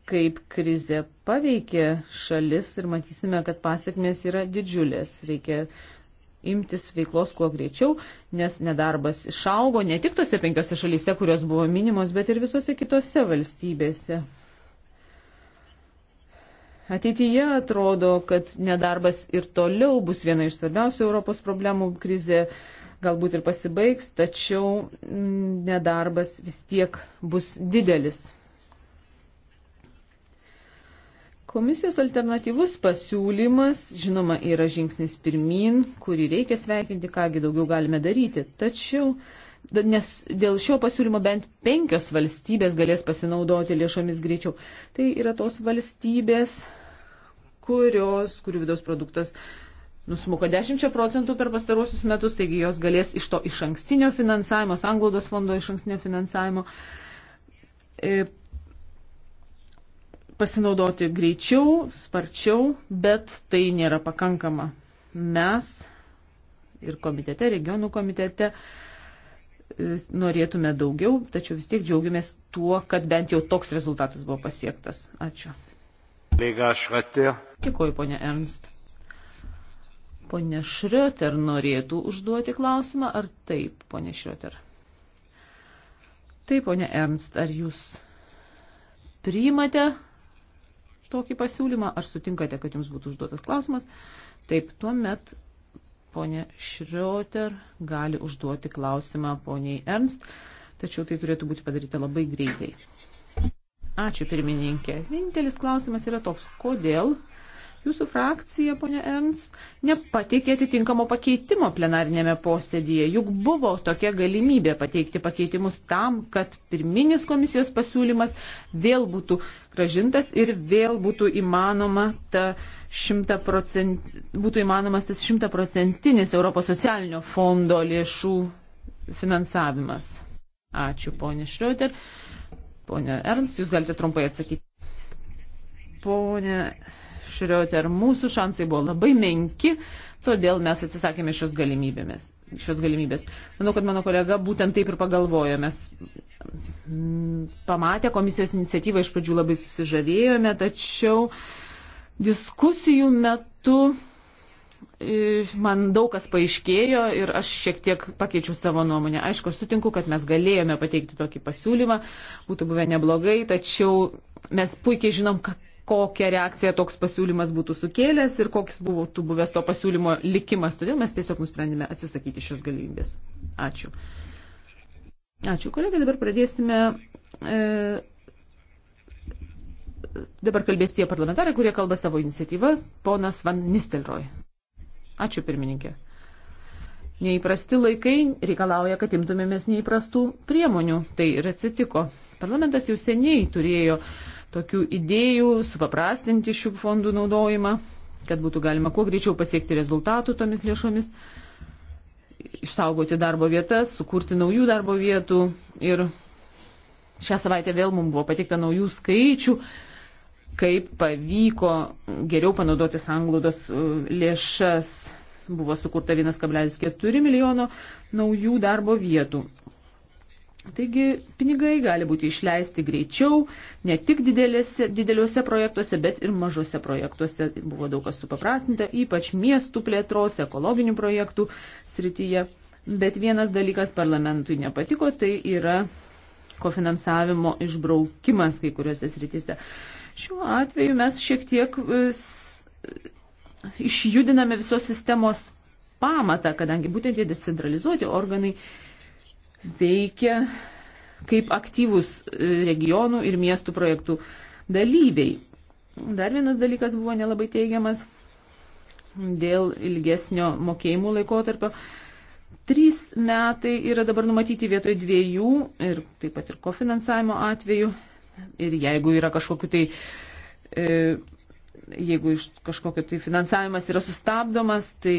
kaip krize paveikė šalis ir matysime, kad pasiekmes yra didžiulės. Reikia imtis veiklos kuo greičiau, nes nedarbas išaugo ne tik tose penkiose šalyse, kurios buvo minimos, bet ir visose kitose valstybėse. Ateityje atrodo, kad nedarbas ir toliau bus viena iš svarbiausių Europos problemų krizė galbūt ir pasibaigs, tačiau mm, nedarbas vis tiek bus didelis. Komisijos alternatyvus pasiūlymas, žinoma, yra žingsnis pirmin, kurį reikia sveikinti, kągi daugiau galime daryti. Tačiau, nes dėl šio pasiūlymo bent penkios valstybės galės pasinaudoti lėšomis greičiau. Tai yra tos valstybės, kurios, kurių vidaus produktas nusmuko 10 procentų per pastarosius metus, taigi jos galės iš to iš ankstinio finansavimo, sanglaudos fondo iš ankstinio finansavimo e, pasinaudoti greičiau, sparčiau, bet tai nėra pakankama. Mes ir komitete, regionų komitete e, norėtume daugiau, tačiau vis tiek džiaugiamės tuo, kad bent jau toks rezultatas buvo pasiektas. Ačiū. Dėkuoju, ponė Ernst. Pone Šrioter norėtų užduoti klausimą, ar taip, pone Šrioter? Taip, pone Ernst, ar jūs priimate tokį pasiūlymą, ar sutinkate, kad jums būtų užduotas klausimas? Taip, tuomet ponė Šrioter gali užduoti klausimą poniai Ernst, tačiau tai turėtų būti padaryta labai greitai. Ačiū pirmininkė. Vienintelis klausimas yra toks, kodėl Jūsų frakcija, ponė Ems, nepateikė atitinkamo pakeitimo plenarinėme posėdėje. Juk buvo tokia galimybė pateikti pakeitimus tam, kad pirminis komisijos pasiūlymas vėl būtų gražintas ir vėl būtų, įmanoma ta procent, būtų įmanomas tas šimtaprocentinis Europos socialinio fondo lėšų finansavimas. Ačiū, ponė Šrioter. Pone Ernst, jūs galite trumpai atsakyti. Pone Šrioter, mūsų šansai buvo labai menki, todėl mes atsisakėme šios galimybėmis. Šios galimybės. Manau, kad mano kolega būtent taip ir pagalvojo. Mes mm, pamatę komisijos iniciatyvą iš pradžių labai susižavėjome, tačiau diskusijų metu e, man daug kas paaiškėjo ir aš šiek tiek pakeičiau savo nuomonę. Aišku, aš sutinku, kad mes galėjome pateikti tokį pasiūlymą, būtų buvę neblogai, tačiau mes puikiai žinom, kokią reakciją toks pasiūlymas būtų sukėlęs ir koks buvo tų buvęs to pasiūlymo likimas. Todėl mes tiesiog nusprendėme atsisakyti šios galimybės. Ačiū. Ačiū, kolega. Dabar pradėsime. E, dabar kalbės tie parlamentarai, kurie kalba savo iniciatyvą. Ponas Van Nistelroj. Ačiū, pirmininkė. Neįprasti laikai reikalauja, kad imtumėmės neįprastų priemonių. Tai ir atsitiko. Parlamentas jau seniai turėjo uh, tokių idėjų, supaprastinti šių fondų naudojimą, kad būtų galima kuo greičiau pasiekti rezultatų tomis lėšomis, išsaugoti darbo vietas, sukurti naujų darbo vietų. Ir šią savaitę vėl mums buvo patikta naujų skaičių, kaip pavyko geriau panaudoti sanglaudos e, lėšas. Buvo sukurta 1,4 milijono naujų darbo vietų. Taigi pinigai gali būti išleisti greičiau, ne tik didelėse, dideliuose projektuose, bet ir mažose projektuose. Buvo daug kas supaprastinta, ypač miestų plėtros, ekologinių projektų srityje. Bet vienas dalykas parlamentui nepatiko, tai yra kofinansavimo išbraukimas kai kuriuose srityse. Šiuo atveju mes šiek tiek vis, e, išjudiname visos sistemos pamatą, kadangi būtent tie decentralizuoti organai veikia kaip aktyvus e, regionų ir miestų projektų dalyviai. Dar vienas dalykas buvo nelabai teigiamas dėl ilgesnio mokėjimų laikotarpio. Trys metai yra dabar numatyti vietoj dviejų ir taip pat ir kofinansavimo atveju. Ir jeigu yra kažkokiu tai, e, jeigu iš kažkokio tai finansavimas yra sustabdomas, tai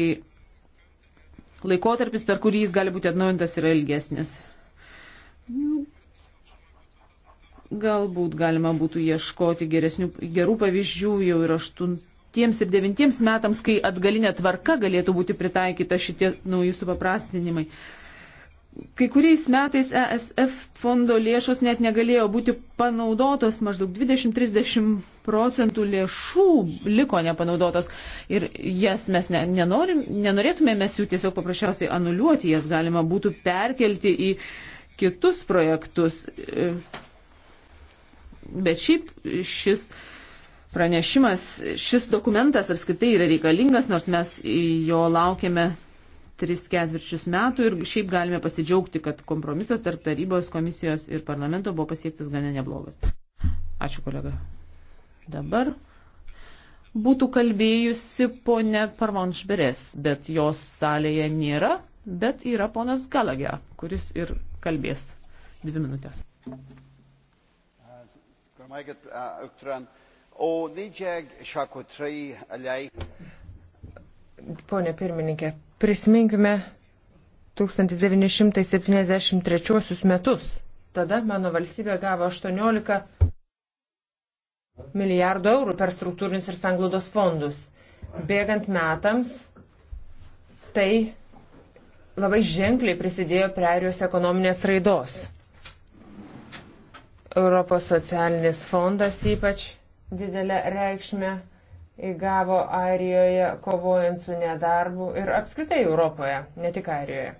laikotarpis, per kurį jis gali būti atnaujintas, yra ilgesnis. Nu, galbūt galima būtų ieškoti geresnių, gerų pavyzdžių jau ir aštuntiems ir devintiems metams, kai atgalinė tvarka galėtų būti pritaikyta šitie nauji supaprastinimai. Uh, Kai kuriais metais ESF fondo lėšos net negalėjo būti panaudotos, maždaug 20-30 procentų lėšų liko nepanaudotos ir jas mes ne, nenorim, nenorėtume, mes jų tiesiog paprasčiausiai anuliuoti, jas galima būtų perkelti į kitus projektus. Bet šiaip šis pranešimas, šis dokumentas apskritai yra reikalingas, nors mes jo laukiame tris ketvirčius metų ir šiaip galime pasidžiaugti, kad kompromisas tarp tarybos, komisijos ir parlamento buvo pasiektas gana neblogas. Ačiū, kolega. Dabar būtų kalbėjusi ponė Parvanšberes, bet jos salėje nėra, bet yra ponas Galagė, kuris ir kalbės. Dvi minutės. Pone pirmininkė, Prisiminkime 1973 metus. Tada mano valstybė gavo 18 milijardų eurų per struktūrinius ir sanglaudos fondus. Bėgant metams, tai labai ženkliai prisidėjo prie airijos ekonominės raidos. Europos socialinis fondas ypač didelę reikšmę įgavo Airijoje kovojant su nedarbu ir apskritai Europoje, ne tik Airijoje.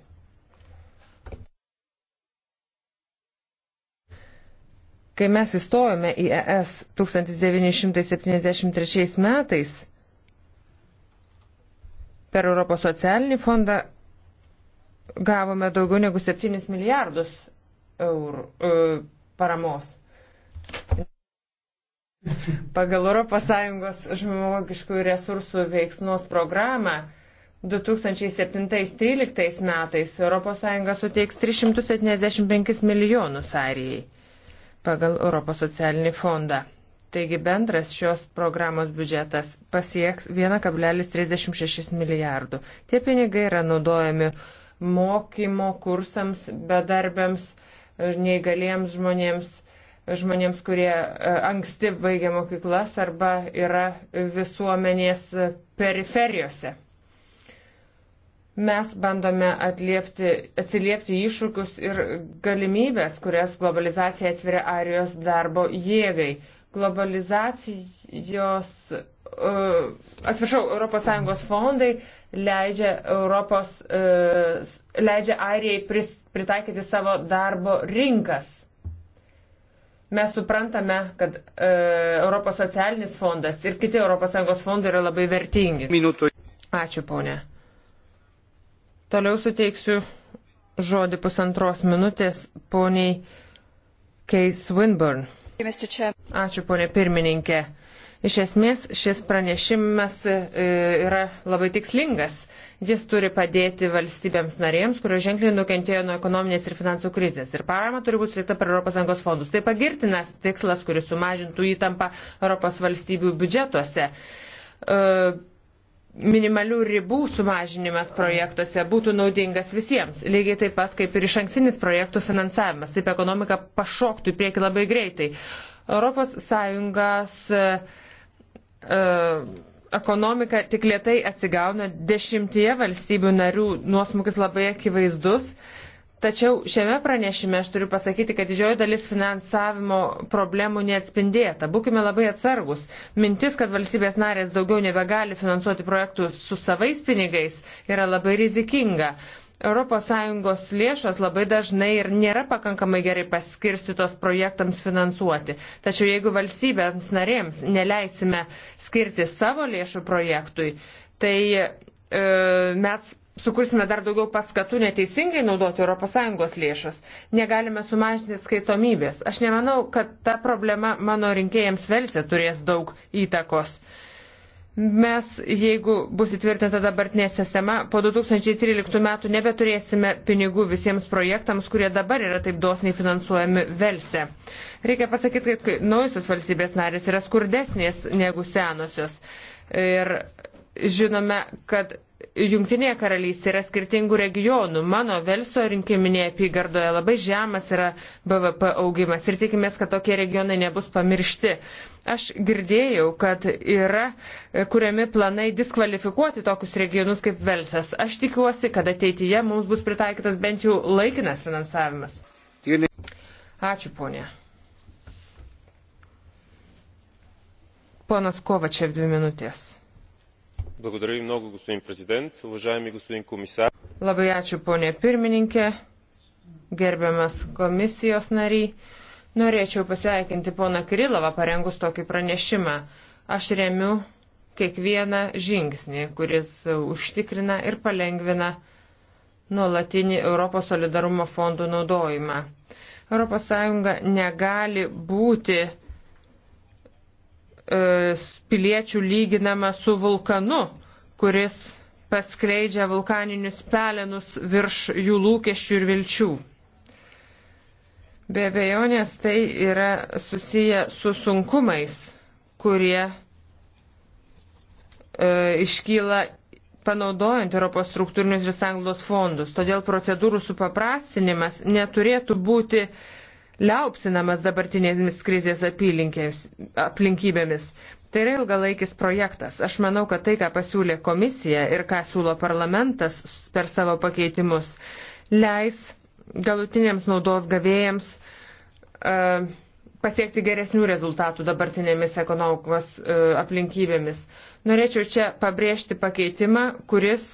Kai mes įstojome į ES 1973 metais, per Europos socialinį fondą gavome daugiau negu 7 milijardus eurų e, paramos. Pagal ES žmogiškų resursų veiksmos programą 2007-2013 metais ES suteiks 375 milijonus arijai pagal Europos socialinį fondą. Taigi bendras šios programos biudžetas pasieks 1,36 milijardų. Tie pinigai yra naudojami mokymo kursams, bedarbiams, neįgaliems žmonėms žmonėms, kurie e, anksti baigia mokyklas arba yra visuomenės periferijose. Mes bandome atliepti, atsiliepti iššūkius ir galimybės, kurias globalizacija atveria Arijos darbo jėgai. Globalizacijos, uh, atsiprašau, ES fondai leidžia, Europos, uh, leidžia Arijai pris, pritaikyti savo darbo rinkas Mes suprantame, kad e, Europos socialinis fondas ir kiti ES fondai yra labai vertingi. Minutų. Ačiū, ponė. Toliau suteiksiu žodį pusantros minutės poniai Keis Winburn. Ačiū, ponė pirmininkė. Iš esmės šis pranešimas e, yra labai tikslingas. Jis turi padėti valstybėms narėms, kurios ženkliai nukentėjo nuo ekonominės ir finansų krizės. Ir parama turi būti suteikta per ES fondus. Tai pagirtinas tikslas, kuris sumažintų įtampą ES valstybių biudžetuose. E, minimalių ribų sumažinimas projektuose būtų naudingas visiems, lygiai taip pat kaip ir iš anksinis projektų finansavimas. Taip ekonomika pašoktų į priekį labai greitai. ES E, ekonomika tik lietai atsigauna dešimtyje valstybių narių, nuosmukis labai akivaizdus. Tačiau šiame pranešime aš turiu pasakyti, kad didžioji dalis finansavimo problemų neatspindėta. Būkime labai atsargus. Mintis, kad valstybės narės daugiau nebegali finansuoti projektų su savais pinigais, yra labai rizikinga. Uh, ES lėšos labai dažnai ir nėra pakankamai gerai paskirstytos projektams finansuoti. Tačiau jeigu valstybėms narėms neleisime skirti savo lėšų projektui, tai e, mes sukursime dar daugiau paskatų neteisingai naudoti ES lėšas, negalime sumažinti skaitomybės. Aš nemanau, kad ta problema mano rinkėjams Velsė turės daug įtakos mes, jeigu bus įtvirtinta dabartinė sistema, po 2013 metų nebeturėsime pinigų visiems projektams, kurie dabar yra taip dosniai finansuojami Velse. Reikia pasakyti, kad naujusios valstybės narės yra skurdesnės negu senosios. Ir žinome, kad Junktinėje karalystėje yra skirtingų regionų. Mano Velso rinkiminėje apygardoje labai žemas yra BVP augimas ir tikimės, kad tokie regionai nebus pamiršti. Aš girdėjau, kad yra e, kuriami planai diskvalifikuoti tokius regionus kaip Velsas. Aš tikiuosi, kad ateityje mums bus pritaikytas bent jau laikinas finansavimas. Ačiū, ponė. Ponas Kovačev, dvi minutės. Благодаря ви много, господин президент, уважаеми господин комисар. Labai ačiū, ponė pirmininkė, gerbiamas komisijos nariai. Norėčiau pasveikinti poną Kirilovą parengus tokį pranešimą. Aš remiu kiekvieną žingsnį, kuris užtikrina ir palengvina nuolatinį Europos solidarumo fondų naudojimą. ES negali būti E, piliečių lyginama su vulkanu, kuris paskleidžia vulkaninius pelenus virš jų lūkesčių ir vilčių. Be abejonės tai yra susiję su sunkumais, kurie e, iškyla panaudojant Europos struktūrinius ir sąjungos fondus. Todėl procedūrų supaprastinimas neturėtų būti e, liaupsinamas dabartinėmis krizės aplinkybėmis. Tai yra ilgalaikis projektas. Aš manau, kad tai, ką pasiūlė komisija ir ką siūlo parlamentas per savo pakeitimus, leis galutiniams naudos gavėjams uh, pasiekti geresnių rezultatų dabartinėmis ekonomikos uh, aplinkybėmis. Norėčiau čia pabrėžti pakeitimą, kuris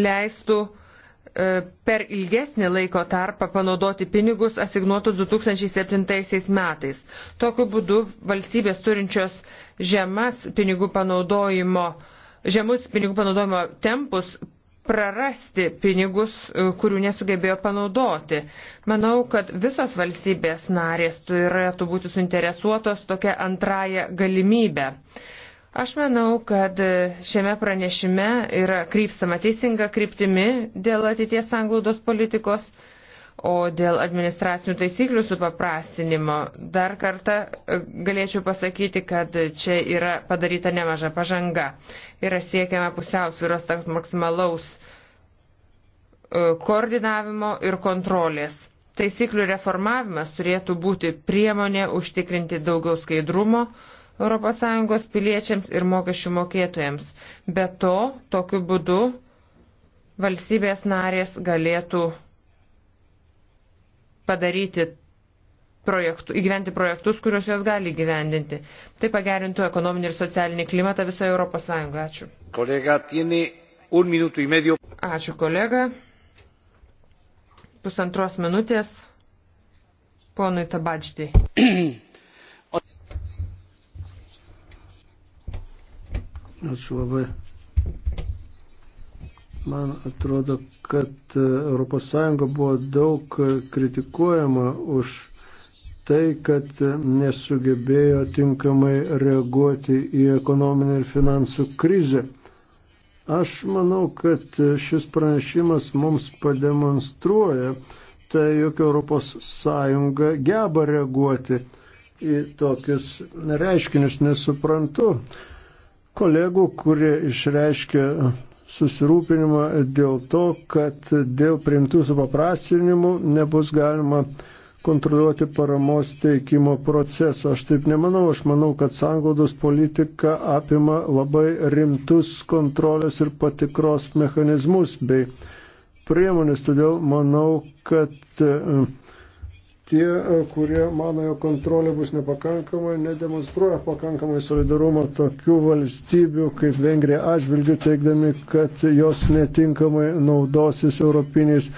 leistų uh, E, per ilgesnį laiko tarpą panaudoti pinigus asignuotus 2007 metais. Tokiu būdu valstybės turinčios žemas pinigų panaudojimo, žemus pinigų panaudojimo tempus prarasti pinigus, e, kurių nesugebėjo panaudoti. Manau, kad visos valstybės narės turėtų būti suinteresuotos tokia antraja galimybė. Aš manau, kad šiame pranešime yra krypsama teisinga kryptimi dėl ateities sanglaudos politikos, o dėl administracinių taisyklių supaprastinimo dar kartą e, galėčiau pasakyti, kad čia yra padaryta nemaža pažanga. Yra siekiama pusiausvyros tarp maksimalaus e, koordinavimo ir kontrolės. Taisyklių reformavimas turėtų būti priemonė užtikrinti daugiau skaidrumo, ES piliečiams ir mokesčių mokėtojams. Be to, tokiu būdu valstybės narės galėtų padaryti projektų, įgyventi projektus, kuriuos jos gali įgyvendinti. Tai pagerintų ekonominį ir socialinį klimatą visoje Europos Sąjungoje. Ačiū. Kolega, tieni un minutų į medio. Ačiū, kolega. Pusantros minutės ponui Tabadždį. Ačiū labai. Man atrodo, kad ES buvo daug kritikuojama už tai, kad nesugebėjo tinkamai reaguoti į ekonominę ir finansų krizę. Aš manau, kad šis pranešimas mums pademonstruoja, tai jog ES geba reaguoti į tokius reiškinius, nesuprantu, kolegų, kurie išreiškė susirūpinimą dėl to, kad dėl priimtų supaprastinimų nebus galima kontroliuoti paramos teikimo proceso. Aš taip nemanau, aš manau, kad sanglaudos politika apima labai rimtus kontrolės ir patikros mechanizmus bei priemonės, todėl manau, kad uh, tie, e, kurie mano, jo kontrolė bus nepakankama, nedemonstruoja pakankamai solidarumo tokių valstybių kaip Vengrija atžvilgių, teikdami, kad jos netinkamai naudosis europiniais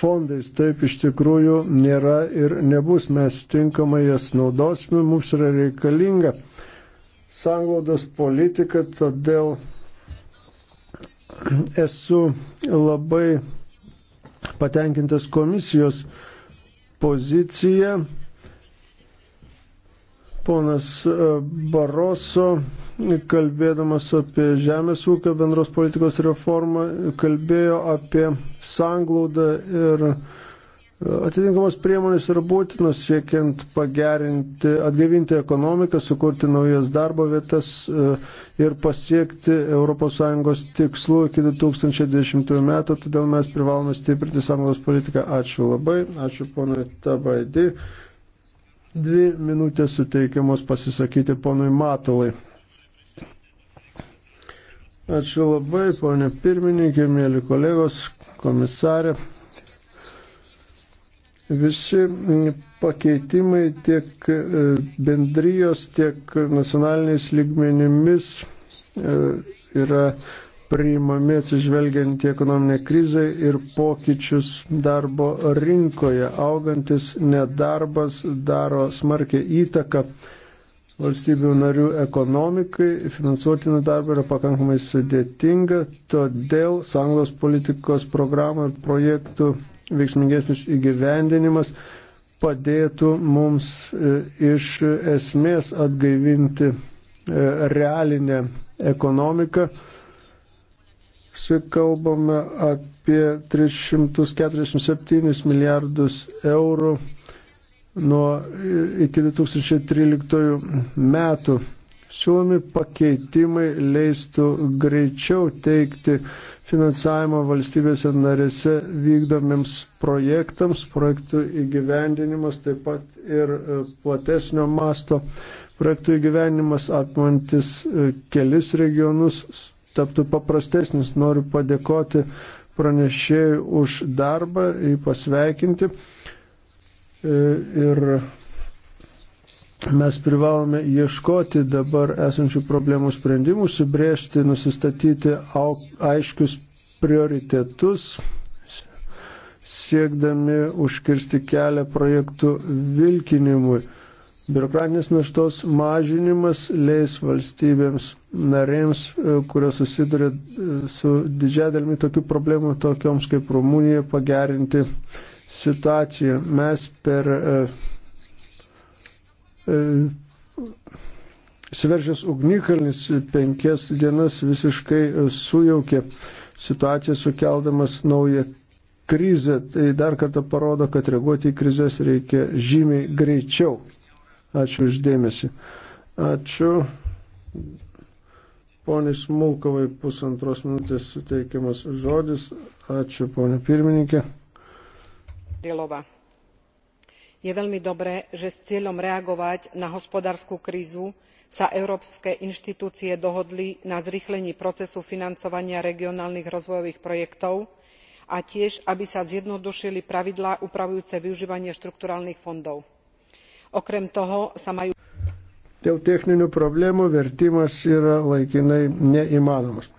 fondais. Taip iš tikrųjų nėra ir nebus. Mes tinkamai jas naudosime, mums yra reikalinga sanglaudos politika, todėl esu labai patenkintas komisijos poziciją. Ponas e, Baroso, kalbėdamas apie žemės ūkio bendros politikos reformą, kalbėjo apie sanglaudą ir Atitinkamos priemonės yra būtinos siekiant pagerinti, atgaivinti ekonomiką, sukurti naujas darbo vietas e, ir pasiekti ES tikslų iki 2010 metų, todėl mes privalome stiprinti sąjungos politiką. Ačiū labai, ačiū ponui Tabaidi. Dvi minutės suteikiamos pasisakyti ponui Matulai. Ačiū labai, ponė pirmininkė, mėly kolegos, komisarė. Visi mm, pakeitimai tiek e, bendrijos, tiek nacionaliniais lygmenimis e, yra priimami atsižvelgiant į ekonominę krizę ir pokyčius darbo rinkoje. Augantis nedarbas daro smarkę įtaką valstybių narių ekonomikai. Finansuotinį darbą yra pakankamai sudėtinga, todėl sąjungos politikos programų ir projektų veiksmingesnis įgyvendinimas padėtų mums e, iš esmės atgaivinti e, realinę ekonomiką. Kalbame apie 347 milijardus eurų nuo e, iki 2013 metų. Siūlomi pakeitimai leistų greičiau teikti finansavimo valstybėse narėse vykdomiems projektams, projektų įgyvendinimas, taip pat ir e, platesnio masto projektų įgyvendinimas apimantis e, kelis regionus taptų paprastesnis. Noriu padėkoti pranešėjui už darbą, jį pasveikinti. E, ir mes privalome ieškoti dabar esančių problemų sprendimų, subrėžti, nusistatyti aiškius prioritetus, siekdami užkirsti kelią projektų vilkinimui. Biurokratinės naštos mažinimas leis valstybėms narėms, e, kurios susiduria e, su didžiadalmi tokių problemų, tokioms kaip Rumunija, pagerinti situaciją. Mes per e, E, Sveržęs ugnikalnis penkias dienas visiškai sujaukė situaciją sukeldamas naują krizę. Tai dar kartą parodo, kad reaguoti į krizės reikia žymiai greičiau. Ačiū uždėmesi. Ačiū. Poniai Smulkovai pusantros minutės suteikiamas žodis. Ačiū, ponė pirmininkė. Dėlova je veľmi dobré že s cieľom reagovať na hospodársku krízu sa európske inštitúcie dohodli na zrýchlení procesu financovania regionálnych rozvojových projektov a tiež aby sa zjednodušili pravidlá upravujúce využívanie štrukturálnych fondov. okrem toho sa majú. dėl techninių problemų vertimas yra laikinai neįmanomas.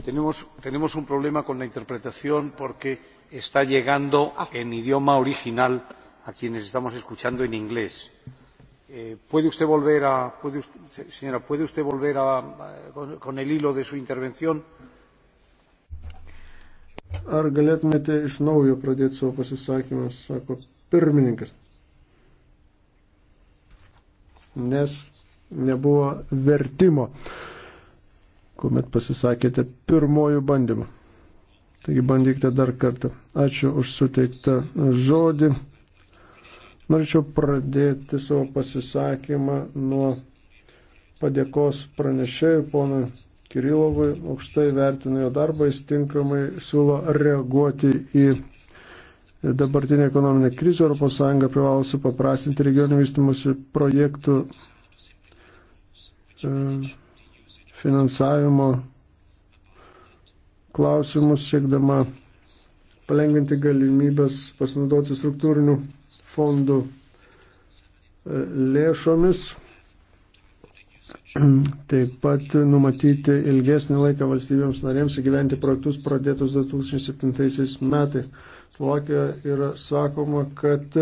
Tenemos, tenemos un problema con la interpretación porque está llegando en idioma original a quienes estamos escuchando en inglés. Eh, ¿Puede usted volver a, puede usted, señora, puede usted volver a, con, con el hilo de su intervención? Ar galėtumėte iš naujo pradėti savo pasisakymą, sako pirmininkas. Nes nebuvo vertimo, kuomet pasisakėte pirmojų bandymų. Taigi bandykite dar kartą. Ačiū už suteiktą žodį. Norėčiau pradėti savo pasisakymą nuo padėkos pranešėjų ponui Kirilovui. Aukštai vertinu jo darbą, jis tinkamai siūlo reaguoti į dabartinę ekonominę krizę. ES privalo supaprastinti regionų vystimusi projektų e, finansavimo klausimus, siekdama palengvinti galimybės pasinaudoti struktūrinių fondų e, lėšomis. Taip pat numatyti ilgesnį laiką valstybėms narėms įgyventi projektus pradėtus 2007 metais. Slovakijoje yra sakoma, kad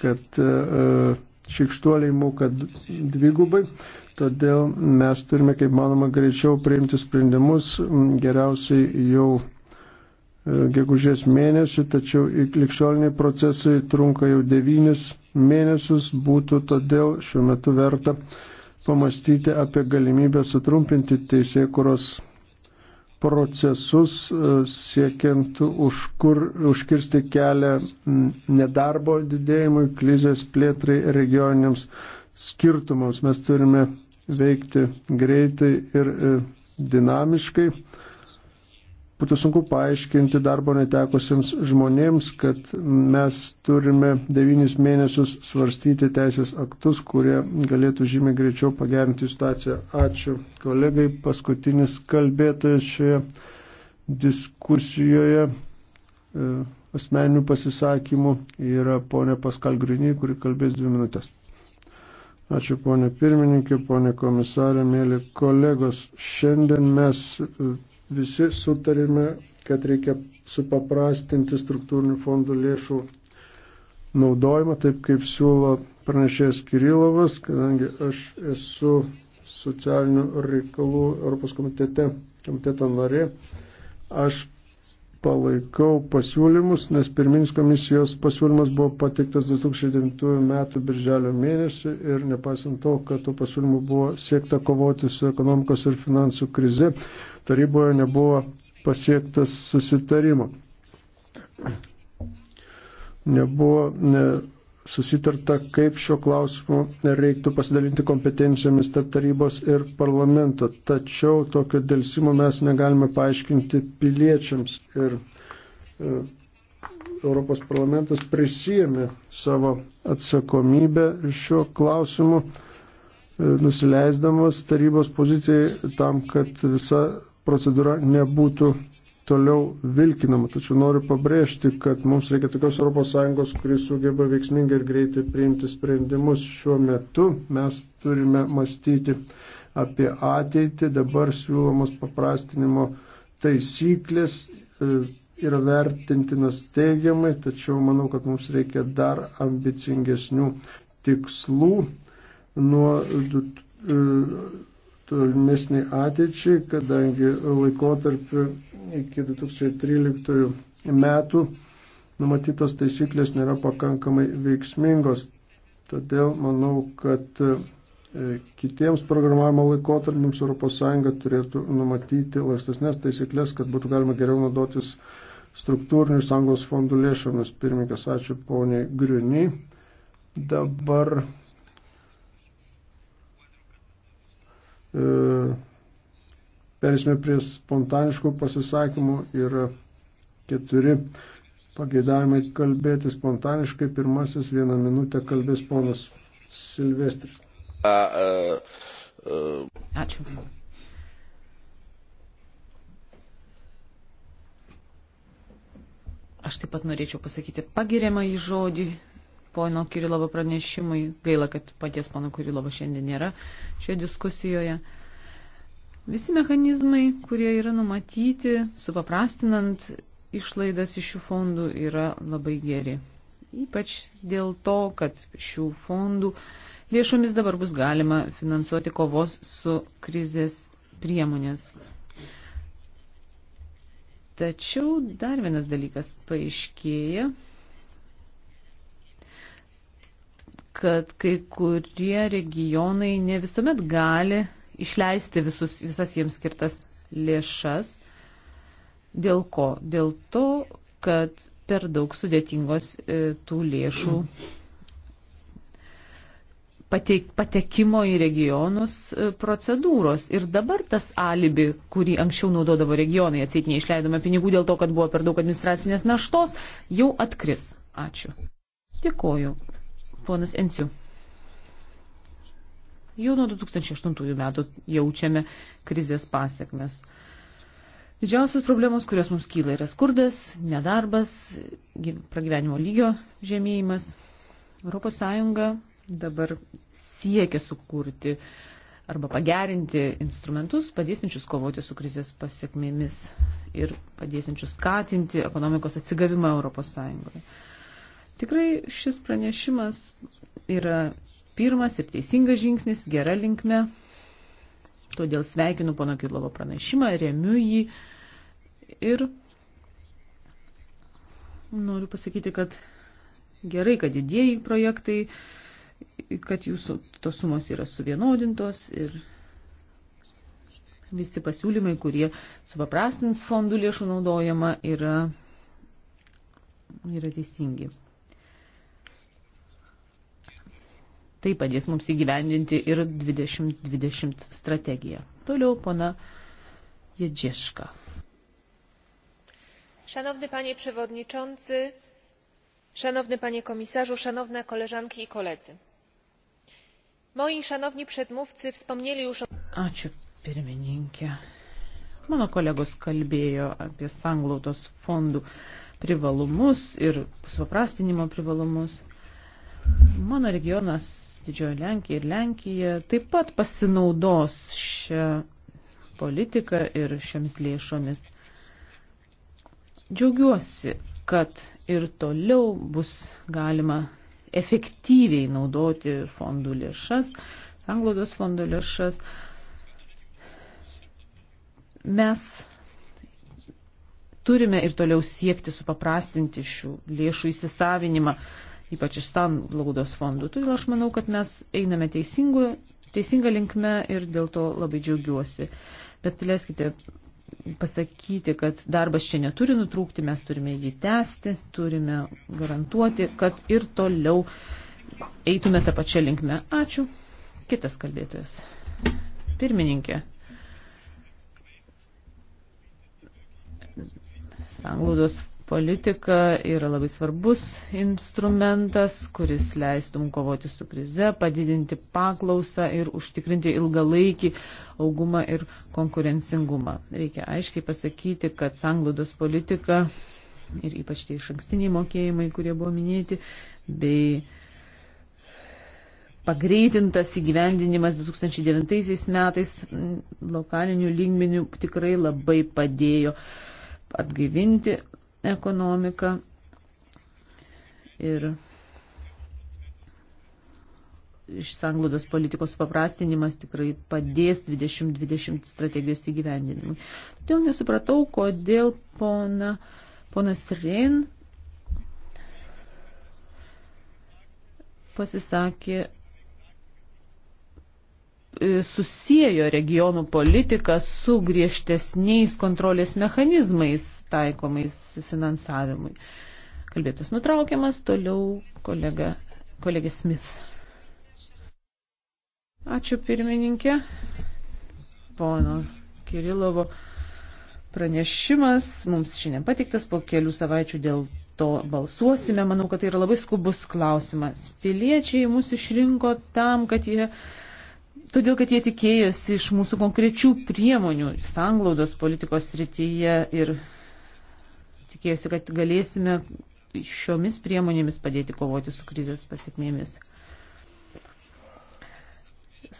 kad e, šikštuoliai moka dvigubai. Todėl mes turime, kaip manoma, greičiau priimti sprendimus, geriausiai jau e, gegužės mėnesį, tačiau likščioliniai procesai trunka jau devynis mėnesius, būtų todėl šiuo metu verta pamastyti apie galimybę sutrumpinti teisėkuros procesus, e, siekiant užkur, užkirsti kelią nedarbo didėjimui, krizės plėtrai regioniniams skirtumams. Mes turime veikti greitai ir e, dinamiškai. Būtų sunku paaiškinti darbo netekusiems žmonėms, kad mes turime devynis mėnesius svarstyti teisės aktus, kurie galėtų žymiai greičiau pagerinti situaciją. Ačiū kolegai. Paskutinis kalbėtojas šioje diskusijoje e, asmeninių pasisakymų yra ponė Paskal Grinį, kuri kalbės dvi minutės. Ačiū ponė pirmininkė, ponė komisarė, mėly kolegos. Šiandien mes e, visi sutarėme, kad reikia supaprastinti struktūrinių fondų lėšų naudojimą, taip kaip siūlo pranešėjas Kirilovas, kadangi aš esu socialinių reikalų Europos komitete, komiteto narė. Aš palaikau pasiūlymus, nes pirminis komisijos pasiūlymas buvo pateiktas 2009 metų birželio mėnesį ir nepaisant to, kad tų pasiūlymų buvo siekta kovoti su ekonomikos ir finansų krize, taryboje nebuvo pasiektas susitarimo. Nebuvo ne, susitarta, kaip šiuo klausimu reiktų pasidalinti kompetencijomis tarp tarybos ir parlamento. Tačiau tokio dėlsimo mes negalime paaiškinti piliečiams. Ir e, Europos parlamentas prisijėmė savo atsakomybę šiuo klausimu, e, nusileisdamas tarybos pozicijai tam, kad visa procedūra nebūtų toliau vilkinama. Tačiau noriu pabrėžti, kad mums reikia tokios ES, kuris sugeba veiksmingai ir greitai priimti sprendimus. Šiuo metu mes turime mąstyti apie ateitį. Dabar siūlomos paprastinimo taisyklės e, yra vertintinas teigiamai, tačiau manau, kad mums reikia dar ambicingesnių tikslų nuo e, tolimesnį ateičiai, kadangi laikotarpiu iki 2013 metų numatytos taisyklės nėra pakankamai veiksmingos. Todėl manau, kad e, kitiems programavimo laikotarpiams ES turėtų numatyti lankstesnės taisyklės, kad būtų galima geriau naudotis struktūrinių sąjungos fondų lėšomis. Pirmininkas, ačiū poniai Griuni. Dabar E, perėsime prie spontaniškų pasisakymų. Yra keturi pageidavimai kalbėti spontaniškai. Pirmasis vieną minutę kalbės ponas Silvestris. E, e. Ačiū. Aš taip pat norėčiau pasakyti pagiriamą į žodį pono Kirilovo pranešimui. Gaila, kad paties pono Kirilovo šiandien nėra šioje diskusijoje. Visi mechanizmai, kurie yra numatyti, supaprastinant išlaidas iš šių fondų, yra labai geri. Ypač dėl to, kad šių fondų lėšomis dabar bus galima finansuoti kovos su krizės priemonės. Tačiau dar vienas dalykas paaiškėja, kad kai kurie regionai ne visuomet gali išleisti visus, visas jiems skirtas lėšas. Dėl ko? Dėl to, kad per daug sudėtingos e, tų lėšų pateik, patekimo į regionus e, procedūros. Ir dabar tas alibi, kurį anksčiau naudodavo regionai, atseit neišleidome pinigų dėl to, kad buvo per daug administracinės naštos, jau atkris. Ačiū. Dėkoju. Ponas Enciu. Jau nuo 2008 metų jaučiame krizės pasiekmes. Didžiausios problemos, kurios mums kyla, yra skurdas, nedarbas, pragyvenimo lygio žemėjimas. ES dabar siekia sukurti arba pagerinti instrumentus, padėsinčius kovoti su krizės pasiekmėmis ir padėsinčius skatinti ekonomikos atsigavimą ES. Tikrai šis pranešimas yra pirmas ir teisingas žingsnis gera linkme. Todėl sveikinu pono Kirlovo pranešimą, remiu jį ir noriu pasakyti, kad gerai, kad didieji projektai, kad jūsų tos sumos yra suvienodintos ir visi pasiūlymai, kurie supaprastins fondų lėšų naudojama, yra, yra teisingi. Tai padės mums įgyvendinti ir 2020 strategiją. Toliau pana Jedzieška. Szanowny panie przewodniczący, szanowny panie komisarzu, szanowne koleżanki i koledzy. Moi szanowni przedmówcy wspomnieli już o... Ačiū pirmininkė. Mano kolegos kalbėjo apie sanglautos fondų privalumus ir supaprastinimo privalumus. Mano regionas Didžioji Lenkija ir Lenkija taip pat pasinaudos šią politiką ir šiomis lėšomis. Džiaugiuosi, kad ir toliau bus galima efektyviai naudoti fondų lėšas, anglodos fondo lėšas. Mes turime ir toliau siekti supaprastinti šių lėšų įsisavinimą ypač iš sanglaudos fondų. Todėl aš manau, kad mes einame teisingu, teisinga linkme ir dėl to labai džiaugiuosi. Bet leiskite pasakyti, kad darbas čia neturi nutrūkti, mes turime jį tęsti, turime garantuoti, kad ir toliau eitume tą pačią linkmę. Ačiū. Kitas kalbėtojas. Pirmininkė. Sanglaudos politika yra labai svarbus instrumentas, kuris leistum kovoti su krize, padidinti paklausą ir užtikrinti ilgalaikį augumą ir konkurencingumą. Reikia aiškiai pasakyti, kad sanglaudos politika ir ypač tie iš ankstiniai mokėjimai, kurie buvo minėti, bei pagreitintas įgyvendinimas 2009 metais lokalinių lygmenių tikrai labai padėjo atgaivinti ekonomiką. Ir iš sanglaudos politikos paprastinimas tikrai padės 2020 strategijos įgyvendinimui. Todėl nesupratau, kodėl pona, ponas Rin pasisakė E, susijęjo regionų politiką su griežtesniais kontrolės mechanizmais taikomais finansavimui. Kalbėtas nutraukiamas, toliau kolega, kolegė Smith. Ačiū pirmininkė. Pono Kirilovo pranešimas mums šiandien pateiktas po kelių savaičių dėl to balsuosime. Manau, kad tai yra labai skubus klausimas. Piliečiai mūsų išrinko tam, kad jie todėl kad jie tikėjosi iš mūsų konkrečių priemonių sanglaudos politikos srityje ir tikėjosi, kad galėsime šiomis priemonėmis padėti kovoti su krizės pasiekmėmis.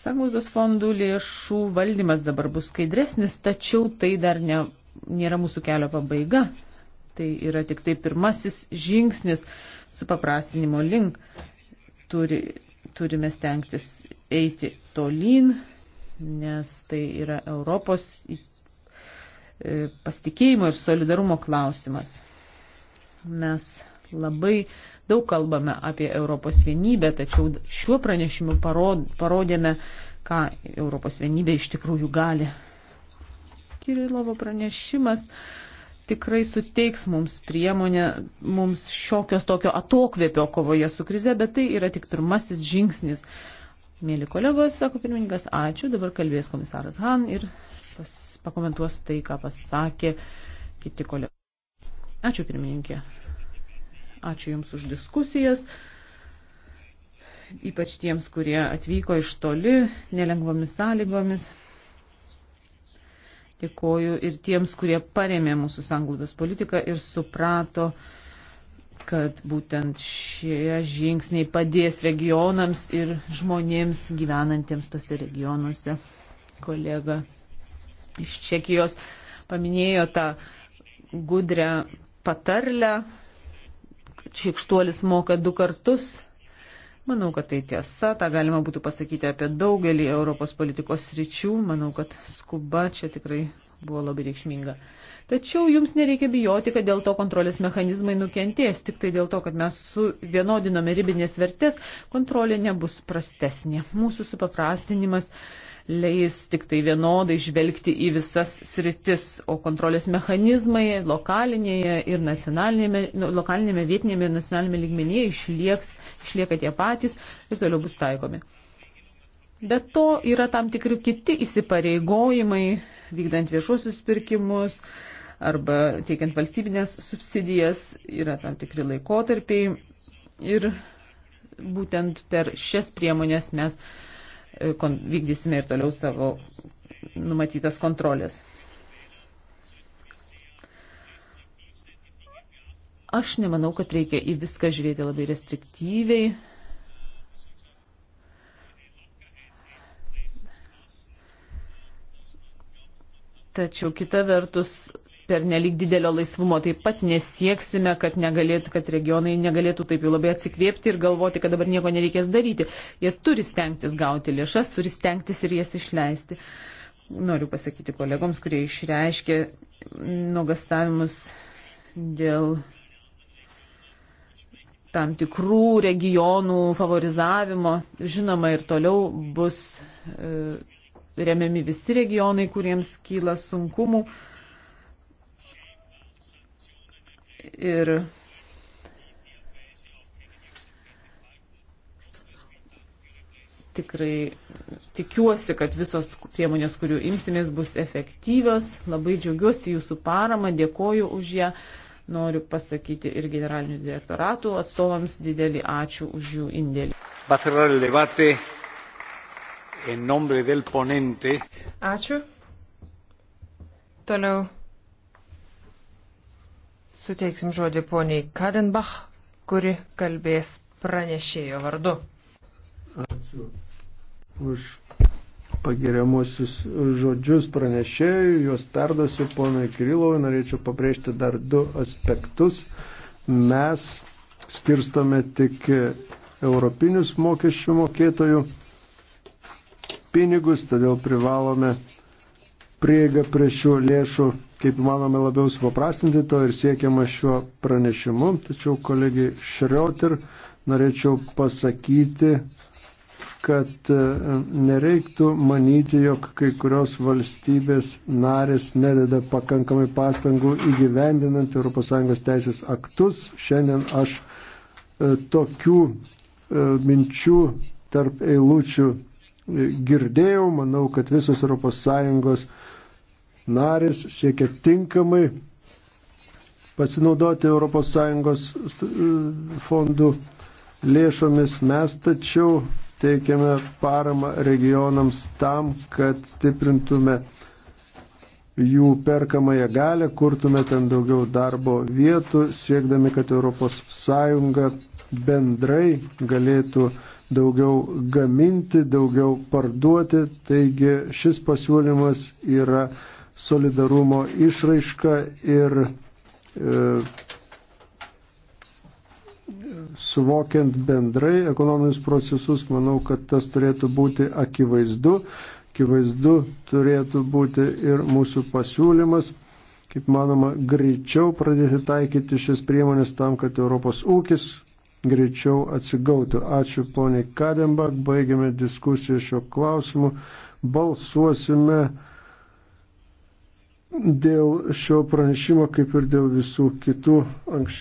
Sanglaudos fondų lėšų valdymas dabar bus skaidresnis, tačiau tai dar ne, nėra mūsų kelio pabaiga. Tai yra tik tai pirmasis žingsnis su paprastinimo link. Turi, turime stengtis eiti tolyn, nes tai yra Europos e, pasitikėjimo ir solidarumo klausimas. Mes labai daug kalbame apie Europos vienybę, tačiau šiuo pranešimu parodėme, ką Europos vienybė iš tikrųjų gali. Kirilovo pranešimas tikrai suteiks mums priemonę, mums šiokios tokio atokvėpio kovoje su krize, bet tai yra tik pirmasis žingsnis. Mėly kolegos, sako pirmininkas, ačiū. Dabar kalbės komisaras Han ir pas, pakomentuos tai, ką pasakė kiti kolegos. Ačiū pirmininkė. Ačiū Jums už diskusijas. Ypač tiems, kurie atvyko iš toli, nelengvomis sąlygomis. Dėkoju ir tiems, kurie paremė mūsų sanglaudos politiką ir suprato, uh, kad būtent šie žingsniai padės regionams ir žmonėms gyvenantiems tose regionuose. Kolega iš Čekijos paminėjo tą gudrę patarlę, kad šikštuolis moka du kartus. Manau, kad tai tiesa, tą galima būtų pasakyti apie daugelį Europos politikos ryčių. Manau, kad skuba čia tikrai buvo labai reikšminga. Tačiau jums nereikia bijoti, kad dėl to kontrolės mechanizmai nukentės, tik tai dėl to, kad mes suvienodinome ribinės vertės, kontrolė nebus prastesnė. Mūsų supaprastinimas leis tik tai vienodai žvelgti į visas sritis, o kontrolės mechanizmai lokalinėje ir nacionalinėme, nu, lokalinėme vietinėme ir nacionalinėme lygmenyje išlieks, išlieka tie patys ir toliau bus taikomi. Be to yra tam tikri kiti įsipareigojimai, vykdant viešuosius pirkimus arba teikiant valstybinės subsidijas, yra tam tikri laikotarpiai. Ir būtent per šias priemonės mes e, vykdysime ir toliau savo numatytas kontrolės. Aš nemanau, kad reikia į viską žiūrėti labai restriktyviai, Tačiau kita vertus, per nelik didelio laisvumo taip pat nesieksime, kad, negalėtų, kad regionai negalėtų taip jau labai atsikvėpti ir galvoti, kad dabar nieko nereikės daryti. Jie turi stengtis gauti lėšas, turi stengtis ir jas išleisti. Noriu pasakyti kolegoms, kurie išreiškė nuogastavimus dėl tam tikrų regionų favorizavimo. Žinoma, ir toliau bus. E, remiami visi regionai, kuriems kyla sunkumų. Ir tikrai tikiuosi, kad visos priemonės, kurių imsimės, bus efektyvios. Labai džiaugiuosi jūsų paramą, dėkoju už ją. Noriu pasakyti ir generalinių direktoratų atstovams didelį ačiū už jų indėlį en nombre del ponente. Ačiū. Toliau suteiksim žodį poniai Kadenbach, kuri kalbės pranešėjo vardu. Ačiū už pagiriamusius žodžius pranešėjų, juos perdosiu ponai Kirilovai, norėčiau pabrėžti dar du aspektus. Mes skirstome tik europinius mokesčių mokėtojų pinigus, todėl privalome prieigą prie šių lėšų, kaip manome, labiau supaprastinti, to ir siekiama šiuo pranešimu. Tačiau kolegai Šrioter norėčiau pasakyti, kad e, nereiktų manyti, jog kai kurios valstybės narės nededa pakankamai pastangų įgyvendinant ES teisės aktus. Šiandien aš e, tokių e, minčių tarp eilučių girdėjau, manau, kad visos ES narės siekia tinkamai pasinaudoti ES fondų lėšomis. Mes tačiau teikiame paramą regionams tam, kad stiprintume jų perkamąją galę, kurtume ten daugiau darbo vietų, siekdami, kad ES bendrai galėtų daugiau gaminti, daugiau parduoti. Taigi šis pasiūlymas yra solidarumo išraiška ir e, suvokiant bendrai ekonominius procesus, manau, kad tas turėtų būti akivaizdu. Akivaizdu turėtų būti ir mūsų pasiūlymas, kaip manoma, greičiau pradėti taikyti šias priemonės tam, kad Europos ūkis greičiau atsigautų. Ačiū poniai Kadembak, baigiame diskusiją šio klausimu. Balsuosime dėl šio pranešimo kaip ir dėl visų kitų anksčiau.